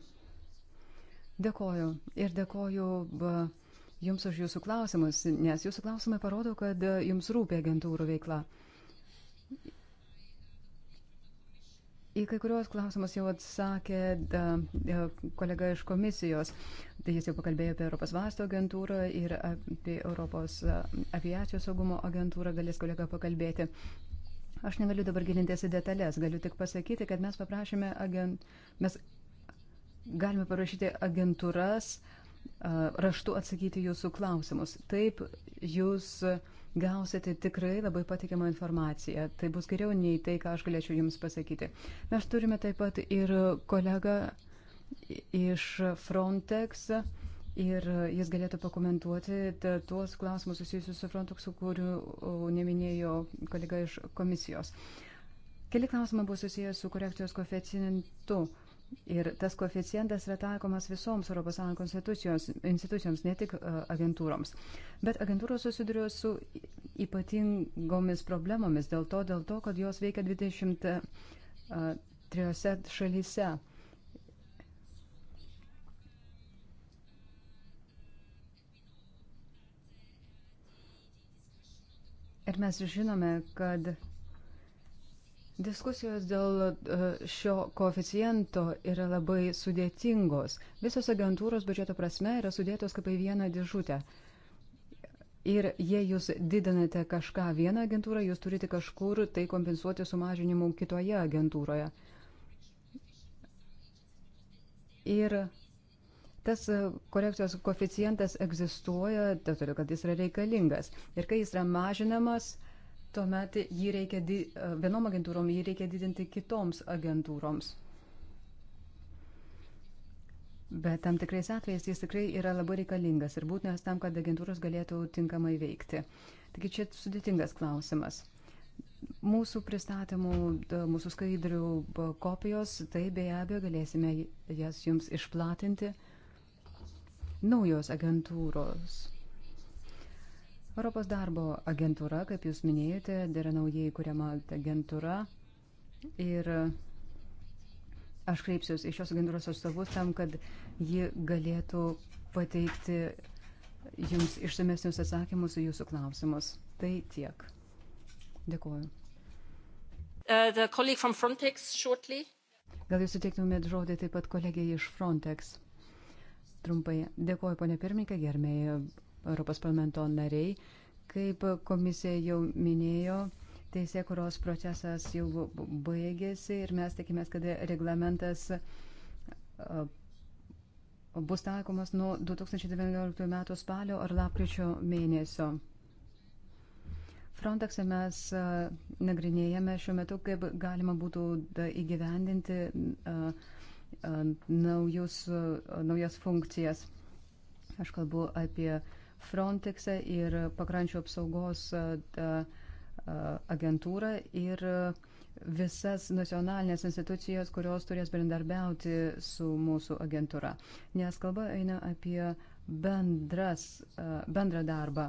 Dėkoju ir dėkoju e, Jums už Jūsų klausimus, nes Jūsų klausimai parodo, kad e, Jums rūpia agentūrų veikla. Į kai kuriuos klausimus jau atsakė da, da, kolega iš komisijos. Tai jis jau pakalbėjo apie Europos vasto agentūrą ir apie Europos aviacijos saugumo agentūrą galės kolega pakalbėti. Aš negaliu dabar gilintis į detalės, galiu tik pasakyti, kad mes paprašėme, agent... mes galime parašyti agentūras raštu atsakyti jūsų klausimus. Taip jūs. Uh, gausite tikrai labai patikimą informaciją. Tai bus geriau nei tai, ką aš galėčiau Jums pasakyti. Mes turime taip pat ir kolegą iš Frontex. Ir jis galėtų pakomentuoti tuos klausimus susijusius su Frontexu, kurių neminėjo kolega iš komisijos. Keli klausimai buvo susijęs su korekcijos koeficientu. Uh, Ir tas koeficientas yra taikomas visoms ES institucijoms, ne tik e, agentūroms. Bet agentūros susiduria su ypatingomis problemomis dėl to, dėl to kad jos veikia 23 e, šalyse. Ir mes žinome, kad Diskusijos dėl e, šio koeficiento yra labai sudėtingos. Visos agentūros biudžeto prasme yra sudėtos kaip į vieną dėžutę. Ir jei jūs didinate kažką vieną agentūrą, jūs turite kažkur tai kompensuoti sumažinimu kitoje agentūroje. Ir tas e, korekcijos koeficientas egzistuoja, todėl kad jis yra reikalingas. Ir kai jis yra mažinamas, uh, tuomet jį reikia, e, vienom agentūrom jį reikia didinti kitoms agentūroms. Bet tam tikrais atvejais jis tikrai yra labai reikalingas ir būtinas tam, kad agentūros galėtų tinkamai veikti. Taigi čia sudėtingas klausimas. Mūsų pristatymų, mūsų skaidrių kopijos, tai be abejo galėsime jas jums išplatinti. Naujos agentūros Europos darbo agentūra, kaip jūs minėjote, yra naujai kuriama agentūra. Ir aš kreipsiuosi iš šios agentūros atstovus tam, kad ji galėtų pateikti jums išsamesnius atsakymus į jūsų klausimus. Tai tiek. Dėkuoju. Uh, Gal jūs suteiktumėt žodį taip pat kolegijai iš Frontex? Trumpai. Dėkuoju, ponė pirmininkė, gerbėjai Europos parlamento nariai. Kaip komisija jau minėjo, teisė, kurios procesas jau baigėsi ir mes tikimės, kad reglamentas bus taikomas nuo 2019 m. spalio ar lapkričio mėnesio. Frontexe mes nagrinėjame šiuo metu, kaip galima būtų įgyvendinti naujus, naujas funkcijas. Aš kalbu apie uh, Frontexą ir pakrančių apsaugos agentūrą ir visas nacionalinės institucijos, kurios turės bendarbiauti su mūsų agentūra. Nes kalba eina apie bendras, bendrą darbą,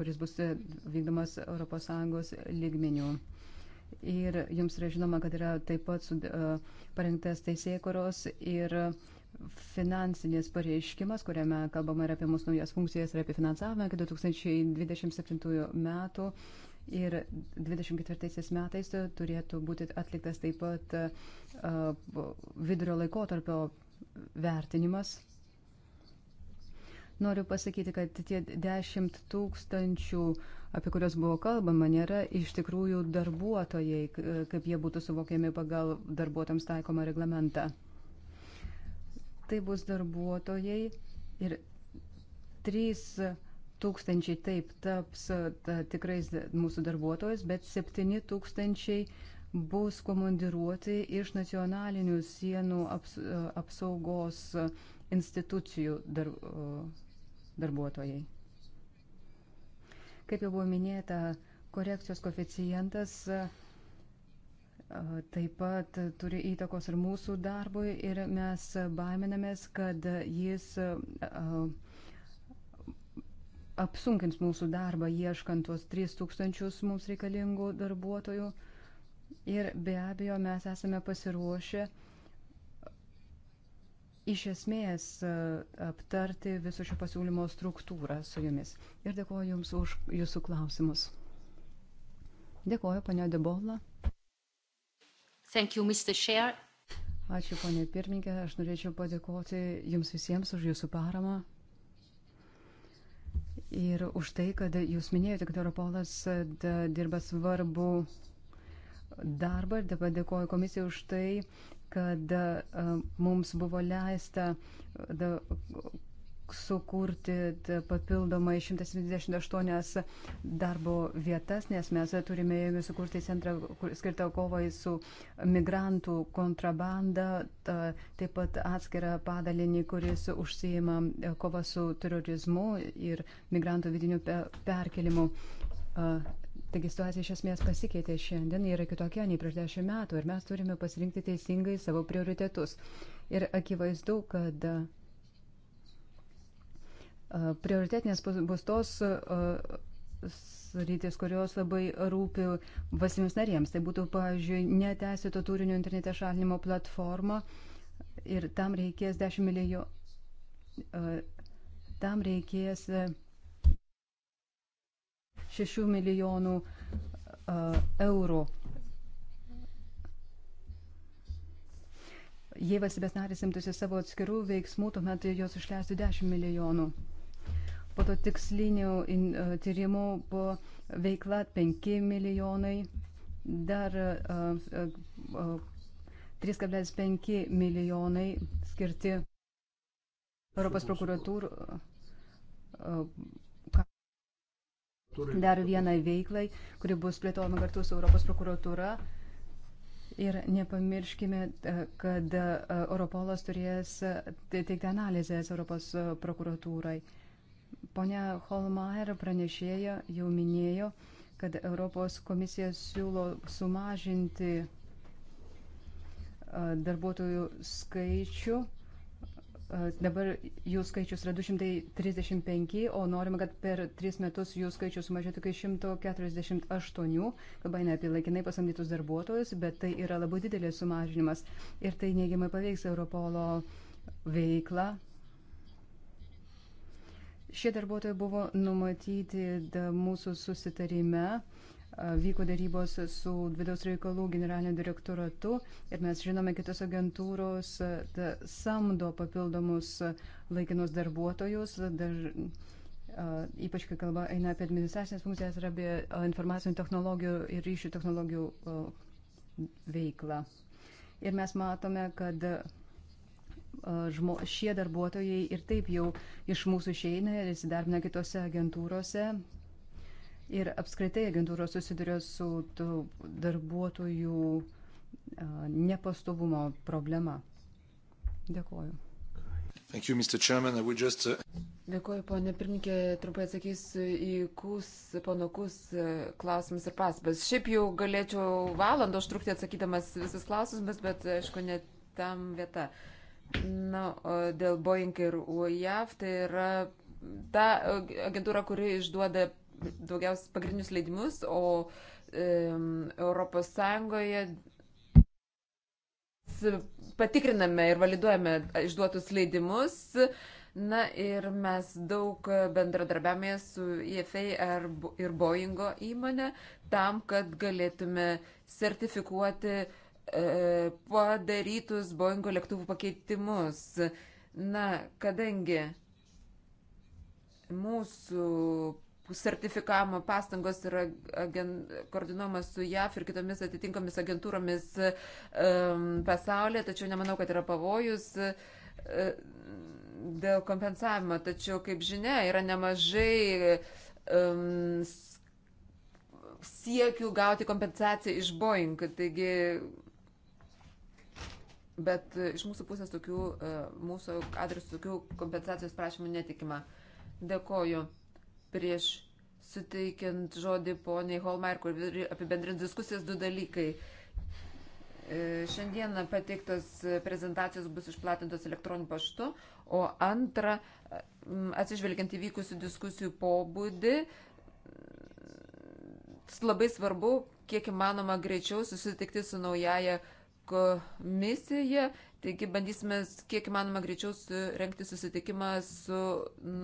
kuris bus e, vykdomas ES lygmenių. Ir jums yra žinoma, kad yra taip pat su, parengtas teisėkuros ir uh, finansinės pareiškimas, kuriame kalbama ir apie mūsų naujas funkcijas, ir apie finansavimą iki 2027 metų. Ir 24 metais turėtų būti atliktas taip pat uh, vidurio laikotarpio vertinimas. Noriu pasakyti, kad tie 10 tūkstančių, apie kurios buvo kalbama, nėra iš tikrųjų darbuotojai, kaip jie būtų suvokiami pagal darbuotojams taikomą reglamentą. Uh, tai bus darbuotojai ir 3 tūkstančiai taip taps e, ta, tikrais mūsų darbuotojais, bet 7 tūkstančiai bus komandiruoti iš nacionalinių sienų aps, e, apsaugos institucijų dar, e, darbuotojai. Kaip jau buvo minėta, korekcijos koeficientas taip pat turi įtakos ir mūsų darbui ir mes baiminamės, kad jis apsunkins mūsų darbą ieškant tuos 3000 mums reikalingų darbuotojų. Ir be abejo, mes esame pasiruošę iš esmės aptarti viso šio pasiūlymo struktūrą su jumis. Ir dėkoju Jums už Jūsų klausimus. Dėkoju, panė Debola. Thank you, Mr. Chair. Ačiū, ponė pirmininkė. Aš norėčiau padėkoti jums visiems už jūsų paramą. Ir už tai, kad jūs minėjote, kad Europolas dirba svarbu darbą ir dabar dėkoju komisijai už tai, kad mums buvo leista sukurti papildomai 178 darbo vietas, nes mes turime sukurti centrą skirtą kovai su migrantų kontrabanda, taip pat atskirą padalinį, kuris užsijima e, kova su terorizmu ir migrantų vidiniu perkelimu. Taigi situacija iš esmės pasikeitė šiandien, yra kitokia nei prieš dešimt metų ir mes turime pasirinkti teisingai savo prioritetus. Ir akivaizdu, kad Prioritetinės bus tos e, rytis, kurios labai rūpi valstybėms narėms. Tai būtų, pavyzdžiui, neteisėto turinio internete šalinimo platforma ir tam reikės 10 milijonų. E, tam reikės 6 e, milijonų eurų. Jei valstybės narės imtųsi savo atskirų veiksmų, tuomet jos išleistų 10 milijonų eurų po to tikslinių in, e, tyrimų buvo veikla 5 milijonai, dar 3,5 e, e, milijonai skirti Europos prokuratūrų. Dar vienai veiklai, kuri bus plėtojama kartu su Europos prokuratūra. Ir nepamirškime, kad Europolas turės teikti analizės Europos prokuratūrai. Pone Holmaier pranešėja jau minėjo, kad Europos komisija siūlo sumažinti darbuotojų skaičių. Dabar jų skaičius yra 235, o norime, kad per 3 metus jų skaičius sumažėtų iki 148, kalba eina apie laikinai pasamdytus darbuotojus, bet tai yra labai didelis sumažinimas ir tai neigiamai paveiks Europolo veiklą Šie darbuotojai buvo numatyti mūsų susitarime. Vyko darybos su vidaus reikalų generaliniu direktoratu ir mes žinome, kitos agentūros da, samdo papildomus laikinus darbuotojus, dar, a, ypač kai kalba eina apie administracinės funkcijas ir apie informacinių technologijų ir ryšių technologijų a, veiklą. Ir mes matome, kad a, žmo, šie darbuotojai ir taip jau iš mūsų išeina ir įsidarbina kitose agentūrose. Ir apskritai agentūros susiduria su darbuotojų nepastovumo problema. Dėkuoju. Thank you, Mr. Chairman. I will just. Uh, Dėkuoju, ponė pirmininkė, trumpai atsakysiu į kus, pono kus e, klausimus ir pasbas. Šiaip jau galėčiau valandą užtrukti atsakydamas visus klausimus, bet, aišku, net tam vieta. Uh, Na, o dėl Boeing ir UAF, tai yra ta agentūra, kuri išduoda daugiausiai pagrindinius leidimus, o um, Europos Sąjungoje patikriname ir validuojame išduotus leidimus. Na ir mes daug bendradarbiavame su IFA e ir Boeingo įmonė tam, kad galėtume sertifikuoti uh, E, padarytus Boeing lėktuvų pakeitimus. Na, kadangi mūsų sertifikavimo pastangos yra agen, koordinuomas su JAF ir kitomis atitinkamis agentūromis um, pasaulyje, tačiau nemanau, kad yra pavojus uh, dėl kompensavimo. Tačiau, kaip žinia, yra nemažai um, siekių gauti kompensaciją iš Boeing. Taigi Bet e, iš mūsų pusės tokių, e, mūsų adresų tokių kompensacijos prašymų netikima. Dėkoju. Prieš suteikiant žodį poniai Holmair, kur apibendrint diskusijas du dalykai. E, šiandieną pateiktos prezentacijos bus išplatintos elektroniniu paštu, o antra, atsižvelgiant įvykusių diskusijų pobūdį, labai svarbu, kiek įmanoma greičiau susitikti su naujaja komisija. Taigi bandysime kiek įmanoma greičiau surenkti susitikimą su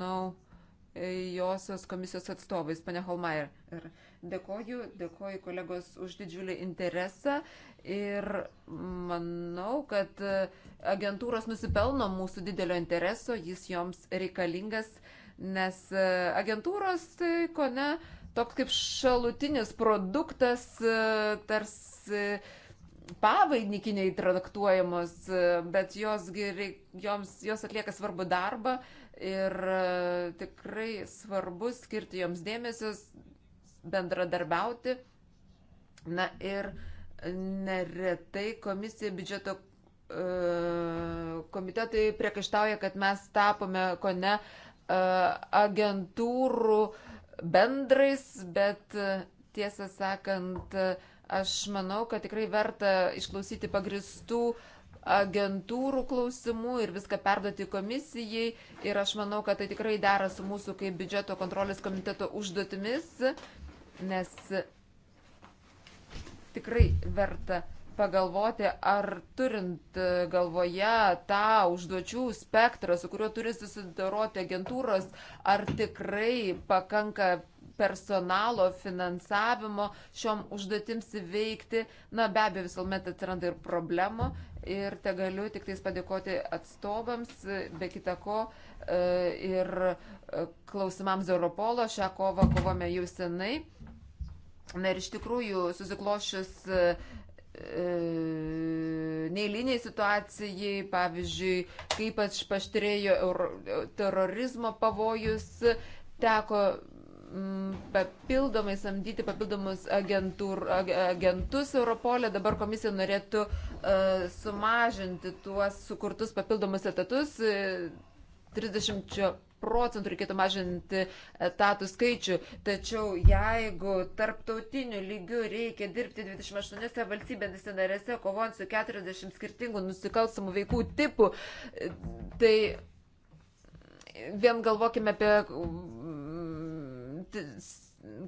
naujosios komisijos atstovais. Pane Holmeier, er, dėkoju, dėkoju kolegos už didžiulį interesą ir manau, kad agentūros nusipelno mūsų didelio intereso, jis joms reikalingas, nes agentūros, tai ko ne, toks kaip šalutinis produktas, tarsi pavaidnikiniai traktuojamos, bet josgi, joms, jos atlieka svarbu darbą ir e, tikrai svarbu skirti joms dėmesius, bendradarbiauti. Na ir neretai komisija biudžeto e, komitetai priekaištauja, kad mes tapome ko ne e, agentūrų bendrais, bet tiesą sakant, uh, Aš manau, kad tikrai verta išklausyti pagristų agentūrų klausimų ir viską perduoti komisijai. Ir aš manau, kad tai tikrai dera su mūsų kaip biudžeto kontrolės komiteto užduotimis, nes tikrai verta pagalvoti, ar turint galvoje tą užduočių spektrą, su kuriuo turi susidoroti agentūros, ar tikrai pakanka personalo finansavimo šiom užduotims įveikti. Na, be abejo, visuomet atsiranda ir problemų ir te galiu tik tais padėkoti atstovams, be kita ko, e, ir e, klausimams Europolo. Šią kovą kovome jau senai. Na ir iš tikrųjų susiklošius e, neįliniai situacijai, pavyzdžiui, kaip aš paštrėjo terorizmo pavojus, teko papildomai samdyti papildomus agentūr, agentus Europolė. Dabar komisija norėtų uh, sumažinti tuos sukurtus papildomus etatus. 30 e, procentų reikėtų mažinti etatų skaičių. Tačiau jeigu tarptautiniu lygiu reikia dirbti 28 valstybėmis narėse, kovojant su 40 skirtingų nusikalstamų veikų tipų, e, tai vien galvokime apie 40-37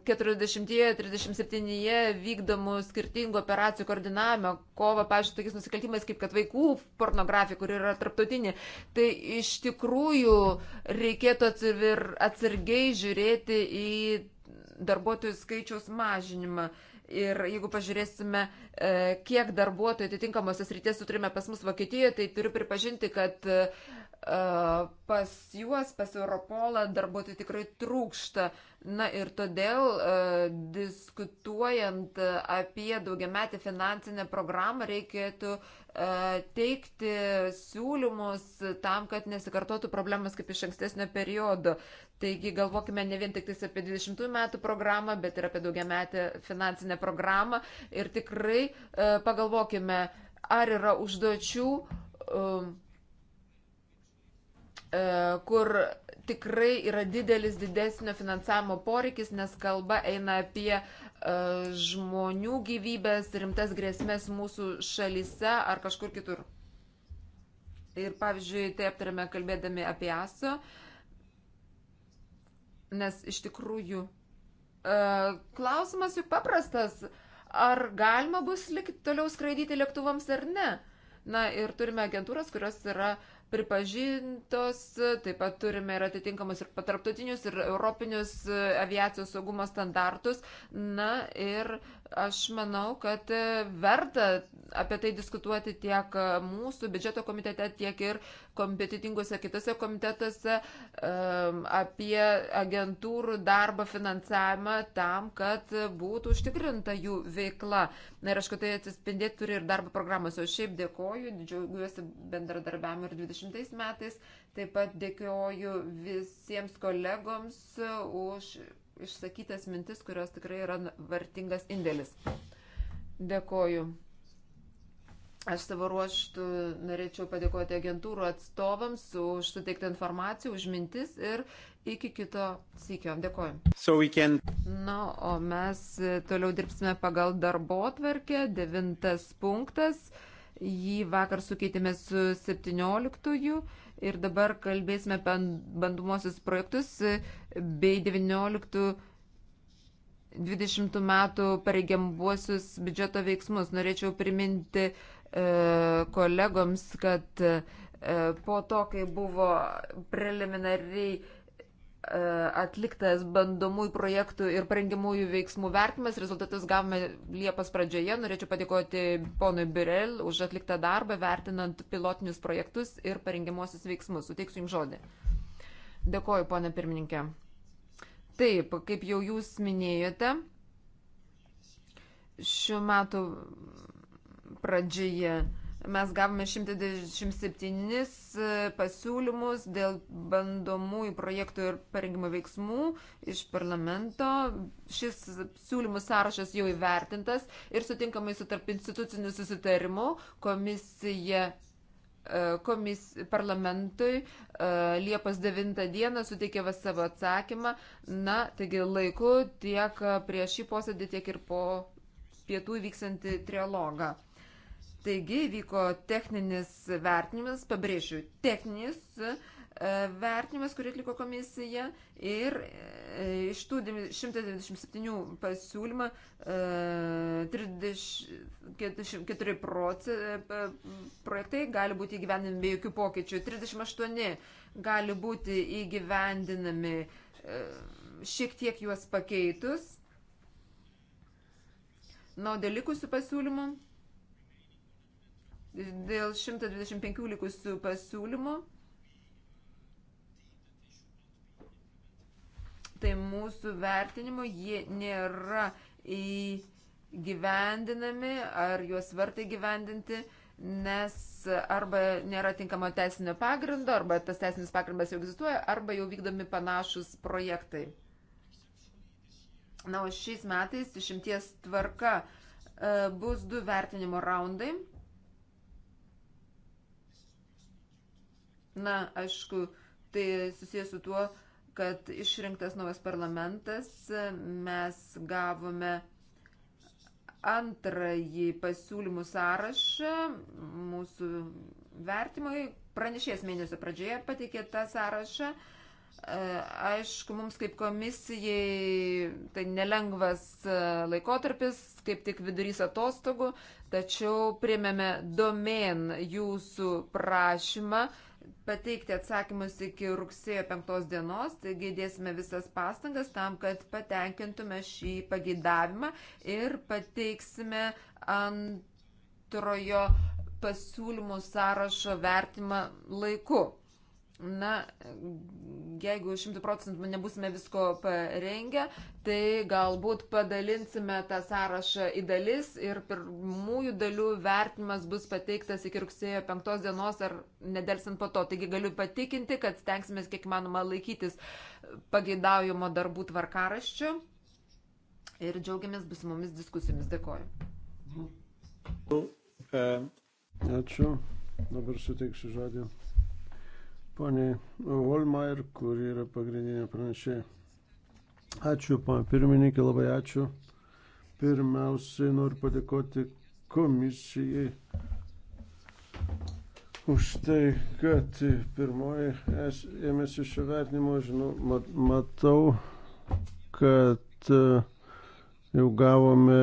vykdomų skirtingų operacijų koordinavimo, kova, pažiūrėjau, tokiais nusikaltimais kaip kad vaikų pornografija, kur yra tarptautinė, tai iš tikrųjų reikėtų atsargiai žiūrėti į darbuotojų skaičiaus mažinimą. Ir jeigu pažiūrėsime, e, kiek darbuotojų atitinkamosios ryties turime pas mus Vokietijoje, tai turiu pripažinti, kad pas juos, pas Europolą darbuotojų tikrai trūksta. Na ir todėl diskutuojant apie daugiametį finansinę programą reikėtų teikti siūlymus tam, kad nesikartotų problemas kaip iš ankstesnio periodo. Taigi galvokime ne vien tik apie 20 metų programą, bet ir apie daugiametį finansinę programą ir tikrai pagalvokime, ar yra užduočių, um, E, kur tikrai yra didelis didesnio finansavimo poreikis, nes kalba eina apie e, žmonių gyvybės, rimtas grėsmės mūsų šalyse ar kažkur kitur. Ir pavyzdžiui, tai aptarėme kalbėdami apie ASO, nes iš tikrųjų e, klausimas juk paprastas, ar galima bus likti toliau skraidyti lėktuvams ar ne. Na ir turime agentūras, kurios yra uh, pripažintos, taip pat turime ir atitinkamus ir patarptautinius, ir europinius e, aviacijos saugumo standartus. Na ir Aš manau, kad e, verta apie tai diskutuoti tiek e, mūsų biudžeto komitete, tiek ir kompetitinguose kitose komitetuose e, apie agentūrų darbo finansavimą tam, kad būtų užtikrinta jų veikla. Na ir aišku, tai atsispindėti turi ir darbo programos. O šiaip dėkoju, džiaugiuosi bendradarbiavimu ir 20 metais. Taip pat dėkoju visiems kolegoms už išsakytas mintis, kurios tikrai yra vertingas indėlis. Dėkoju. Aš savo ruoštų norėčiau padėkoti agentūrų atstovams už suteiktą informaciją, už mintis ir iki kito sykio. Dėkoju. So can... Na, o mes toliau dirbsime pagal darbo tvarkę. Devintas punktas. Jį vakar sukeitėme su 17. -ųjų. Ir dabar kalbėsime apie bandomuosius projektus bei 19-20 metų pareigiambuosius biudžeto veiksmus. Norėčiau priminti e, kolegoms, kad e, po to, kai buvo preliminariai e, atliktas bandomųjų projektų ir parengiamųjų veiksmų vertimas. Rezultatus gavome Liepos pradžioje. Norėčiau padėkoti ponui Birel už atliktą darbą, vertinant pilotinius projektus ir parengiamosius veiksmus. Suteiksiu jums žodį. Dėkoju, ponė pirmininkė. Taip, kaip jau jūs minėjote, šių metų pradžioje mes gavome 197 e, pasiūlymus dėl bandomųjų projektų ir parengimo veiksmų iš parlamento. Šis siūlymų sąrašas jau įvertintas ir sutinkamai su tarp instituciniu susitarimu komisija E, komis, parlamentui e, Liepos 9 dieną suteikė vas savo atsakymą. Na, taigi laiku tiek prieš šį posėdį, tiek ir po pietų įvyksantį trialogą. Taigi vyko techninis vertinimas, pabrėžiu, techninis vertinimas E, vertinimas, kurį atliko komisija ir e, iš tų 197 pasiūlymą 34 e, projektai gali būti įgyvendinami be jokių pokyčių, 38 gali būti įgyvendinami šiek tiek juos pakeitus. Na, o dėl likusių pasiūlymų, dėl 125 likusių pasiūlymų, tai mūsų vertinimu jie nėra įgyvendinami ar juos verta įgyvendinti, nes arba nėra tinkamo teisinio pagrindo, arba tas teisinis pagrindas jau egzistuoja, arba jau vykdomi panašus projektai. Na, o šiais metais išimties tvarka e, bus du vertinimo raundai. Na, aišku, tai susijęs su tuo, kad išrinktas naujas parlamentas mes gavome antrąjį pasiūlymų sąrašą mūsų vertimui. Pranešėjas mėnesio pradžioje pateikė tą sąrašą. E, aišku, mums kaip komisijai tai nelengvas e, laikotarpis, kaip tik vidurys atostogų, tačiau priemėme domen jūsų prašymą pateikti atsakymus iki rugsėjo 5 dienos, taigi dėsime visas pastangas tam, kad patenkintume šį pagidavimą ir pateiksime antrojo pasiūlymų sąrašo vertimą laiku. Na, jeigu 100 procentų nebusime visko parengę, tai galbūt padalinsime tą sąrašą į dalis ir pirmųjų dalių vertinimas bus pateiktas iki rugsėjo 5 dienos ar nedelsint po to. Taigi galiu patikinti, kad stengsime kiek manoma laikytis pageidaujamo darbų tvarkaraščio ir džiaugiamės busimomis diskusijomis. Dėkoju. Ačiū. Dabar suteiksiu žodį ponė Holmeier, kuri yra pagrindinė pranešėja. Ačiū, pana pirmininkė, labai ačiū. Pirmiausiai noriu padėkoti komisijai už tai, kad pirmoji ėmėsi šio vertinimo, žinau, mat, matau, kad e, jau gavome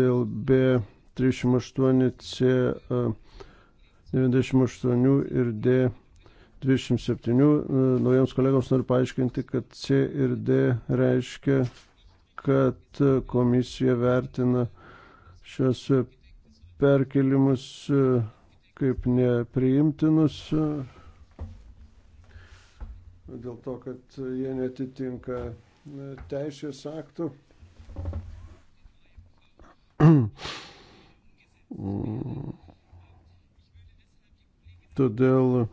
dėl B308C 98 e, ir D 27. E, naujiems kolegams noriu paaiškinti, kad C ir D reiškia, kad komisija vertina šios perkelimus e, kaip nepriimtinus e, dėl to, kad jie netitinka teisės aktų. Mm. Todėl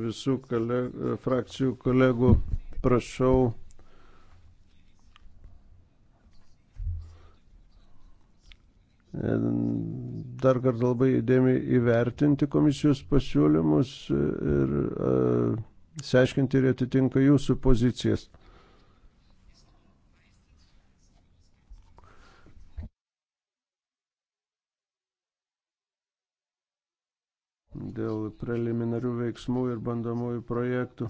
visų koleg frakcijų kolegų prašau dar kartą labai įdėmiai įvertinti komisijos pasiūlymus ir uh, e, seiškinti, ar atitinka jūsų pozicijas. dėl preliminarių veiksmų ir bandomųjų projektų.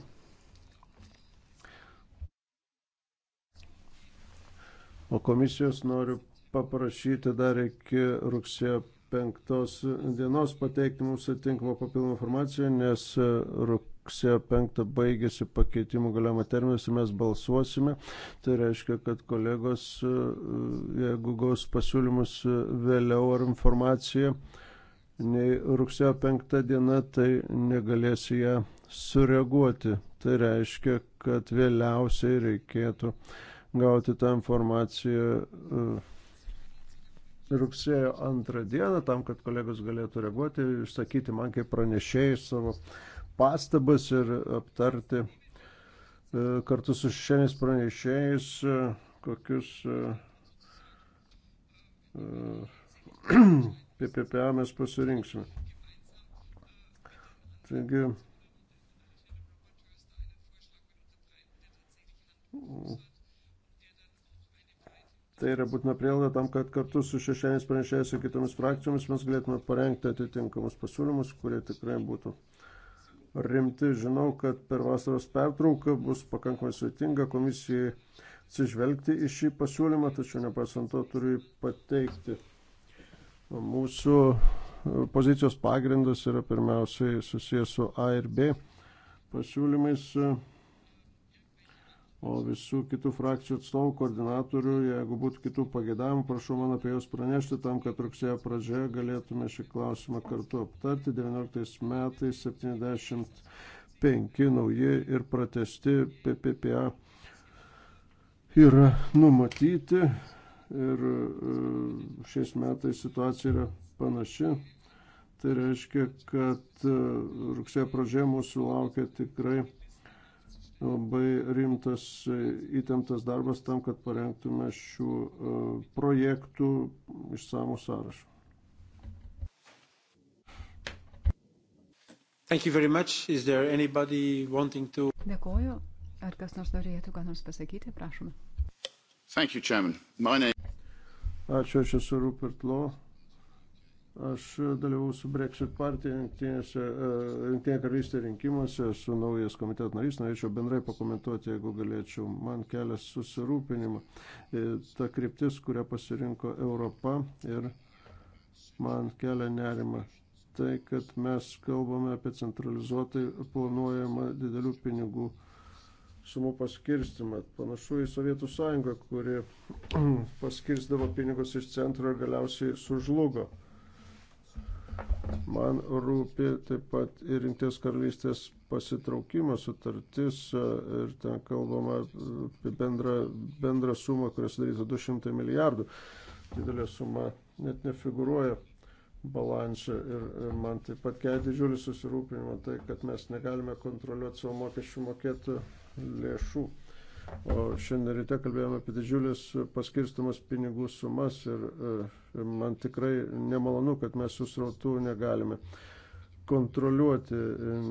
O komisijos noriu paprašyti dar iki rugsėjo penktos dienos pateikti mums atinkamą papildomą informaciją, nes rugsėjo penktą baigėsi pakeitimų galiojimo terminas ir mes balsuosime. Tai reiškia, kad kolegos, jeigu gaus pasiūlymus vėliau ar informaciją, nei rugsėjo penktą dieną, tai negalėsiu ją sureaguoti. Tai reiškia, kad vėliausiai reikėtų gauti tą informaciją e, rugsėjo antrą dieną, tam, kad kolegos galėtų reaguoti, išsakyti man kaip pranešėjai savo pastabas ir aptarti e, kartu su šiandienis pranešėjais, e, kokius PPPA mes pasirinksime. Taigi, Tai yra būtina prielaida tam, kad kartu su šešėniais pranešėjais ir kitomis frakcijomis mes galėtume parengti atitinkamus pasiūlymus, kurie tikrai būtų rimti. Žinau, kad per vasaros pertrauką bus pakankamai sveitinga komisijai atsižvelgti į šį pasiūlymą, tačiau nepasanto turiu pateikti Mūsų e, pozicijos pagrindas yra pirmiausiai susijęs su A ir B pasiūlymais, e, o visų kitų frakcijų atstovų koordinatorių, jeigu būtų kitų pagėdavimų, prašau man apie juos pranešti tam, kad rugsėjo pradžioje galėtume šį klausimą kartu aptarti. 19 metais 75 nauji ir pratesti PPPA yra numatyti ir e, šiais metais situacija yra panaši. Tai reiškia, kad e, rugsėjo pradžioje mūsų laukia tikrai labai rimtas e, įtemptas darbas tam, kad parengtume šių projektų išsamų sąrašą. To... Dėkuoju. Ar kas nors norėtų ką nors pasakyti? Prašome. You, name... Ačiū, aš esu Rupert Law. Aš dalyvau su Brexit partija Junktinė e, karalystė rinkimuose, esu naujas komiteto narys, norėčiau bendrai pakomentuoti, jeigu galėčiau. Man kelia susirūpinimą e, ta kryptis, kurią pasirinko Europa ir man kelia nerima tai, kad mes kalbame apie centralizuotai planuojamą didelių pinigų uh, sumų paskirstimą. Panašu į Sovietų sąjungą, kuri paskirstavo pinigus iš centro ir galiausiai sužlugo. Man rūpi taip pat ir rinkties karalystės pasitraukimo sutartis e, ir ten kalbama apie bendrą, bendrą sumą, kurias darytų 200 milijardų. Didelė suma net nefiguruoja balansą ir man taip pat kelia didžiulį susirūpinimą tai, kad mes negalime kontroliuoti savo mokesčių mokėtojų lėšų. O šiandien ryte kalbėjome apie didžiulis paskirstamas pinigų sumas ir, ir e, man tikrai nemalonu, kad mes susrautų negalime kontroliuoti,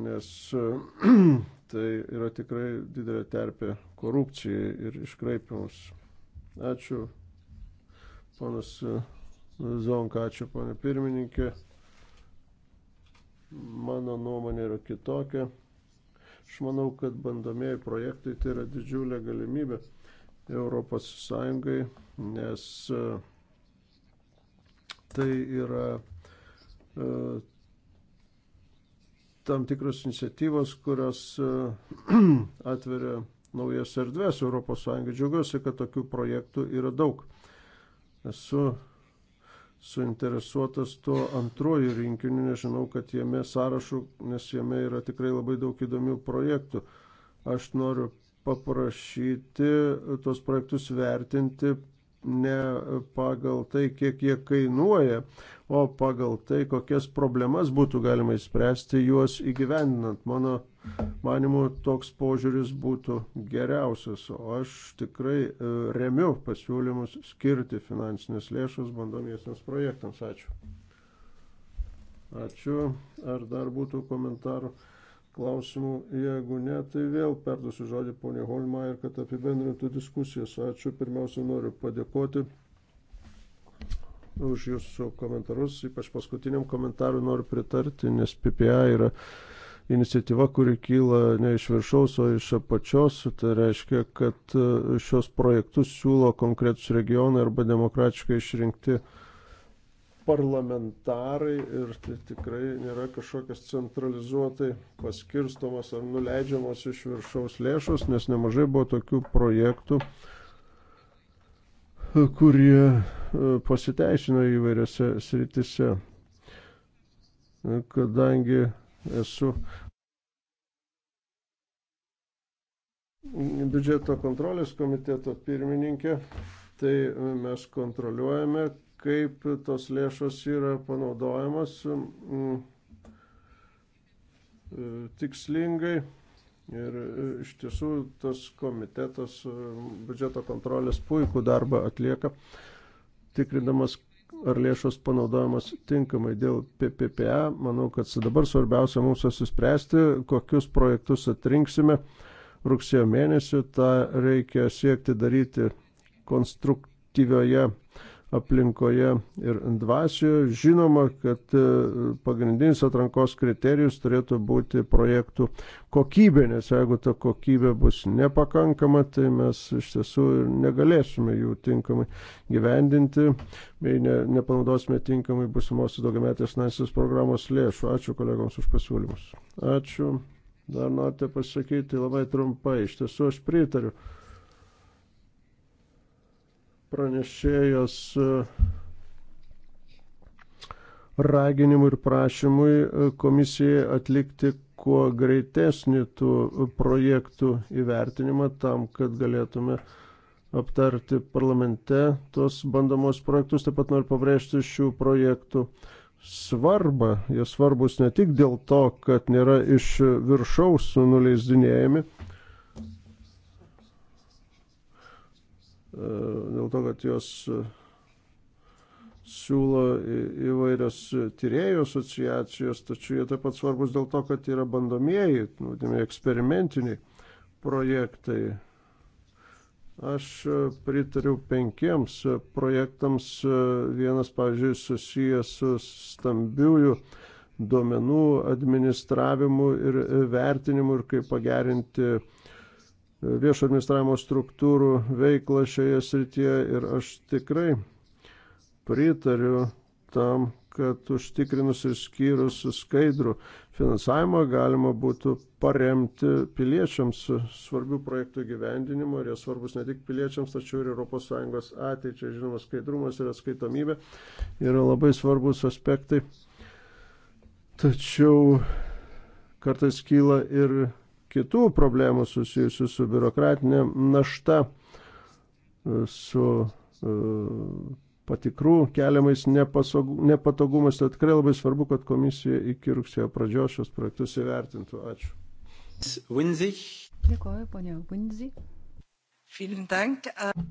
nes tai yra tikrai didelė terpė korupcijai ir iškraipimams. Ačiū, ponas e, Zonka, ačiū, ponė pirmininkė. Mano nuomonė yra kitokia. Aš manau, kad bandomieji projektai tai yra didžiulė galimybė Europos Sąjungai, nes e, tai yra e, tam tikros iniciatyvos, kurios e, atveria naujas erdvės Europos Sąjungai. Džiaugiuosi, kad tokių projektų yra daug. Esu suinteresuotas tuo antruoju rinkiniu, nežinau, kad jame sąrašų, nes jame yra tikrai labai daug įdomių projektų. Aš noriu paprašyti tuos projektus vertinti ne pagal tai, kiek jie kainuoja, o pagal tai, kokias problemas būtų galima įspręsti juos įgyvendinant. Mano manimu, toks požiūris būtų geriausias. O aš tikrai e, remiu pasiūlymus skirti finansinės lėšas bandomiesiams projektams. Ačiū. Ačiū. Ar dar būtų komentarų? Klausimų, jeigu ne, tai vėl perduosiu žodį ponė Holma ir kad apibendrintų diskusijas. Ačiū. Pirmiausia, noriu padėkoti už jūsų komentarus, ypač paskutiniam komentarui noriu pritarti, nes PPA yra iniciatyva, kuri kyla ne iš viršaus, o iš apačios. Tai reiškia, kad e, šios projektus siūlo konkretus regionai arba demokratiškai išrinkti parlamentarai ir tai tikrai nėra kažkokios centralizuotai paskirstomos ar nuleidžiamos iš viršaus lėšos, nes nemažai buvo tokių projektų, kurie e, pasiteisino įvairiose sritise. Kadangi esu biudžeto kontrolės komiteto pirmininkė, tai mes kontroliuojame, kaip tos lėšos yra panaudojamos mm, tikslingai. Ir iš tiesų tas komitetas mm, biudžeto kontrolės puikų darbą atlieka, tikrindamas, ar lėšos panaudojamos tinkamai dėl PPPA. Manau, kad dabar svarbiausia mums susispręsti, kokius projektus atrinksime rugsėjo mėnesį. Ta reikia siekti daryti konstruktyvioje aplinkoje ir dvasioje. Žinoma, kad e, pagrindinis atrankos kriterijus turėtų būti projektų kokybė, nes jeigu ta kokybė bus nepakankama, tai mes iš tiesų ir negalėsime jų tinkamai gyvendinti, bei ne, nepanaudosime tinkamai busimos daugiametės naisės programos lėšų. Ačiū kolegoms už pasiūlymus. Ačiū. Dar norite pasakyti labai trumpai, iš tiesų aš pritariu pranešėjos e, raginimui ir prašymui e, komisijai atlikti kuo greitesnį tų projektų įvertinimą tam, kad galėtume aptarti parlamente tuos bandomos projektus. Taip pat noriu pabrėžti šių projektų svarbą. Jie svarbus ne tik dėl to, kad nėra iš viršaus nuleisdinėjami, E, dėl to, kad jos e, siūlo įvairios e, tyriejų asociacijos, tačiau jie taip pat svarbus dėl to, kad yra bandomieji, vadinami, eksperimentiniai projektai. Aš pritariu penkiems projektams, vienas, pavyzdžiui, susijęs su stambiųjų duomenų administravimu ir vertinimu ir kaip pagerinti uh, viešo administravimo struktūrų veiklą šioje srityje ir aš tikrai pritariu tam, kad užtikrinus ir skyrus skaidrų finansavimą galima būtų paremti piliečiams svarbių projektų gyvendinimo ir jie svarbus ne tik piliečiams, tačiau ir ES ateičiai. Žinoma, skaidrumas ir atskaitomybė yra labai svarbus aspektai. Tačiau kartais kyla ir kitų problemų susijusių su biurokratinė našta, e, su e, patikrų keliamais nepatogumais. Tad tikrai labai svarbu, kad komisija iki rugsėjo pradžios šios projektus įvertintų. Ačiū. Winzig. Dėkoju, ponia Winzig. Äh,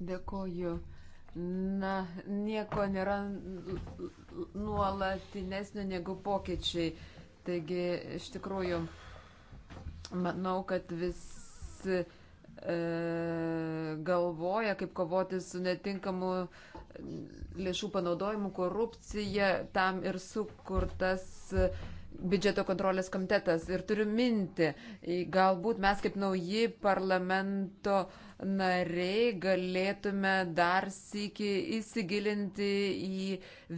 Dėkoju. Na, nieko nėra nuolatinesnio negu pokyčiai. Taigi, iš tikrųjų, Manau, kad visi e, galvoja, kaip kovoti su netinkamu lėšų panaudojimu, korupcija, tam ir sukurtas e, biudžeto kontrolės komitetas. Ir turiu minti, galbūt mes kaip nauji parlamento nariai galėtume dar sėki įsigilinti į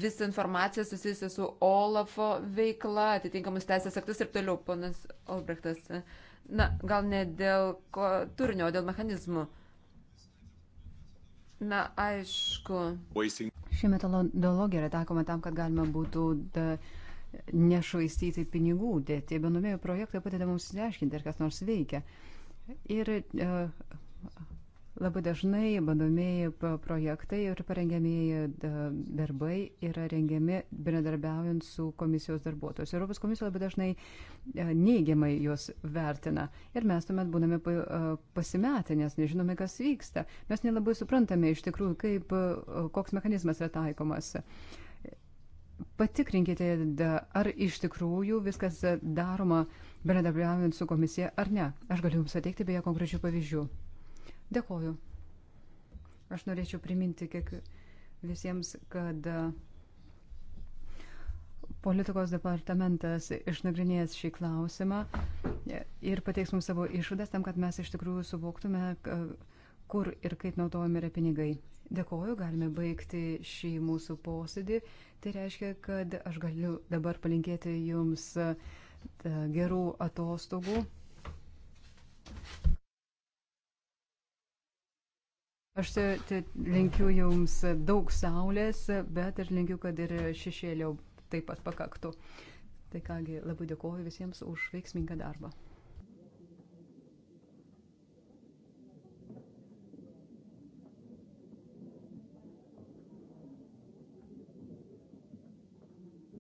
visą informaciją susijusią su Olafo veikla, atitinkamus teisės aktus ir toliau, ponas Olbrechtas. Uh, Na, gal ne dėl ko, turinio, o dėl mechanizmų. Na, aišku. Ši metodologija yra takoma tam, kad galima būtų da, nešvaistyti pinigų, dėti. Benumėjo projektai padeda mums išsiaiškinti, ar kas nors veikia. Ir uh, Labai dažnai bandomieji projektai ir parengiamieji darbai yra rengiami bendradarbiaujant su komisijos darbuotojus. Europos komisija labai dažnai e, neigiamai juos vertina ir mes tuomet būname e, pasimetę, nes nežinome, kas vyksta. Mes nelabai suprantame iš tikrųjų, kaip, e, koks mechanizmas yra taikomas. Patikrinkite, ar iš tikrųjų viskas daroma bendradarbiaujant su komisija ar ne. Aš galiu Jums pateikti beje konkrečių pavyzdžių. Dėkoju. Aš norėčiau priminti kiek visiems, kad e, politikos departamentas išnagrinės šį klausimą e, ir pateiks mums savo išvadas tam, kad mes iš tikrųjų suvoktume, e, kur ir kaip naudojami yra pinigai. Dėkoju, galime baigti šį mūsų posėdį. Tai reiškia, kad aš galiu dabar palinkėti jums gerų atostogų. Aš te linkiu jums daug saulės, bet ir linkiu, kad ir šešėlio taip pat pakaktų. Tai kągi, labai dėkuoju visiems už veiksmingą darbą.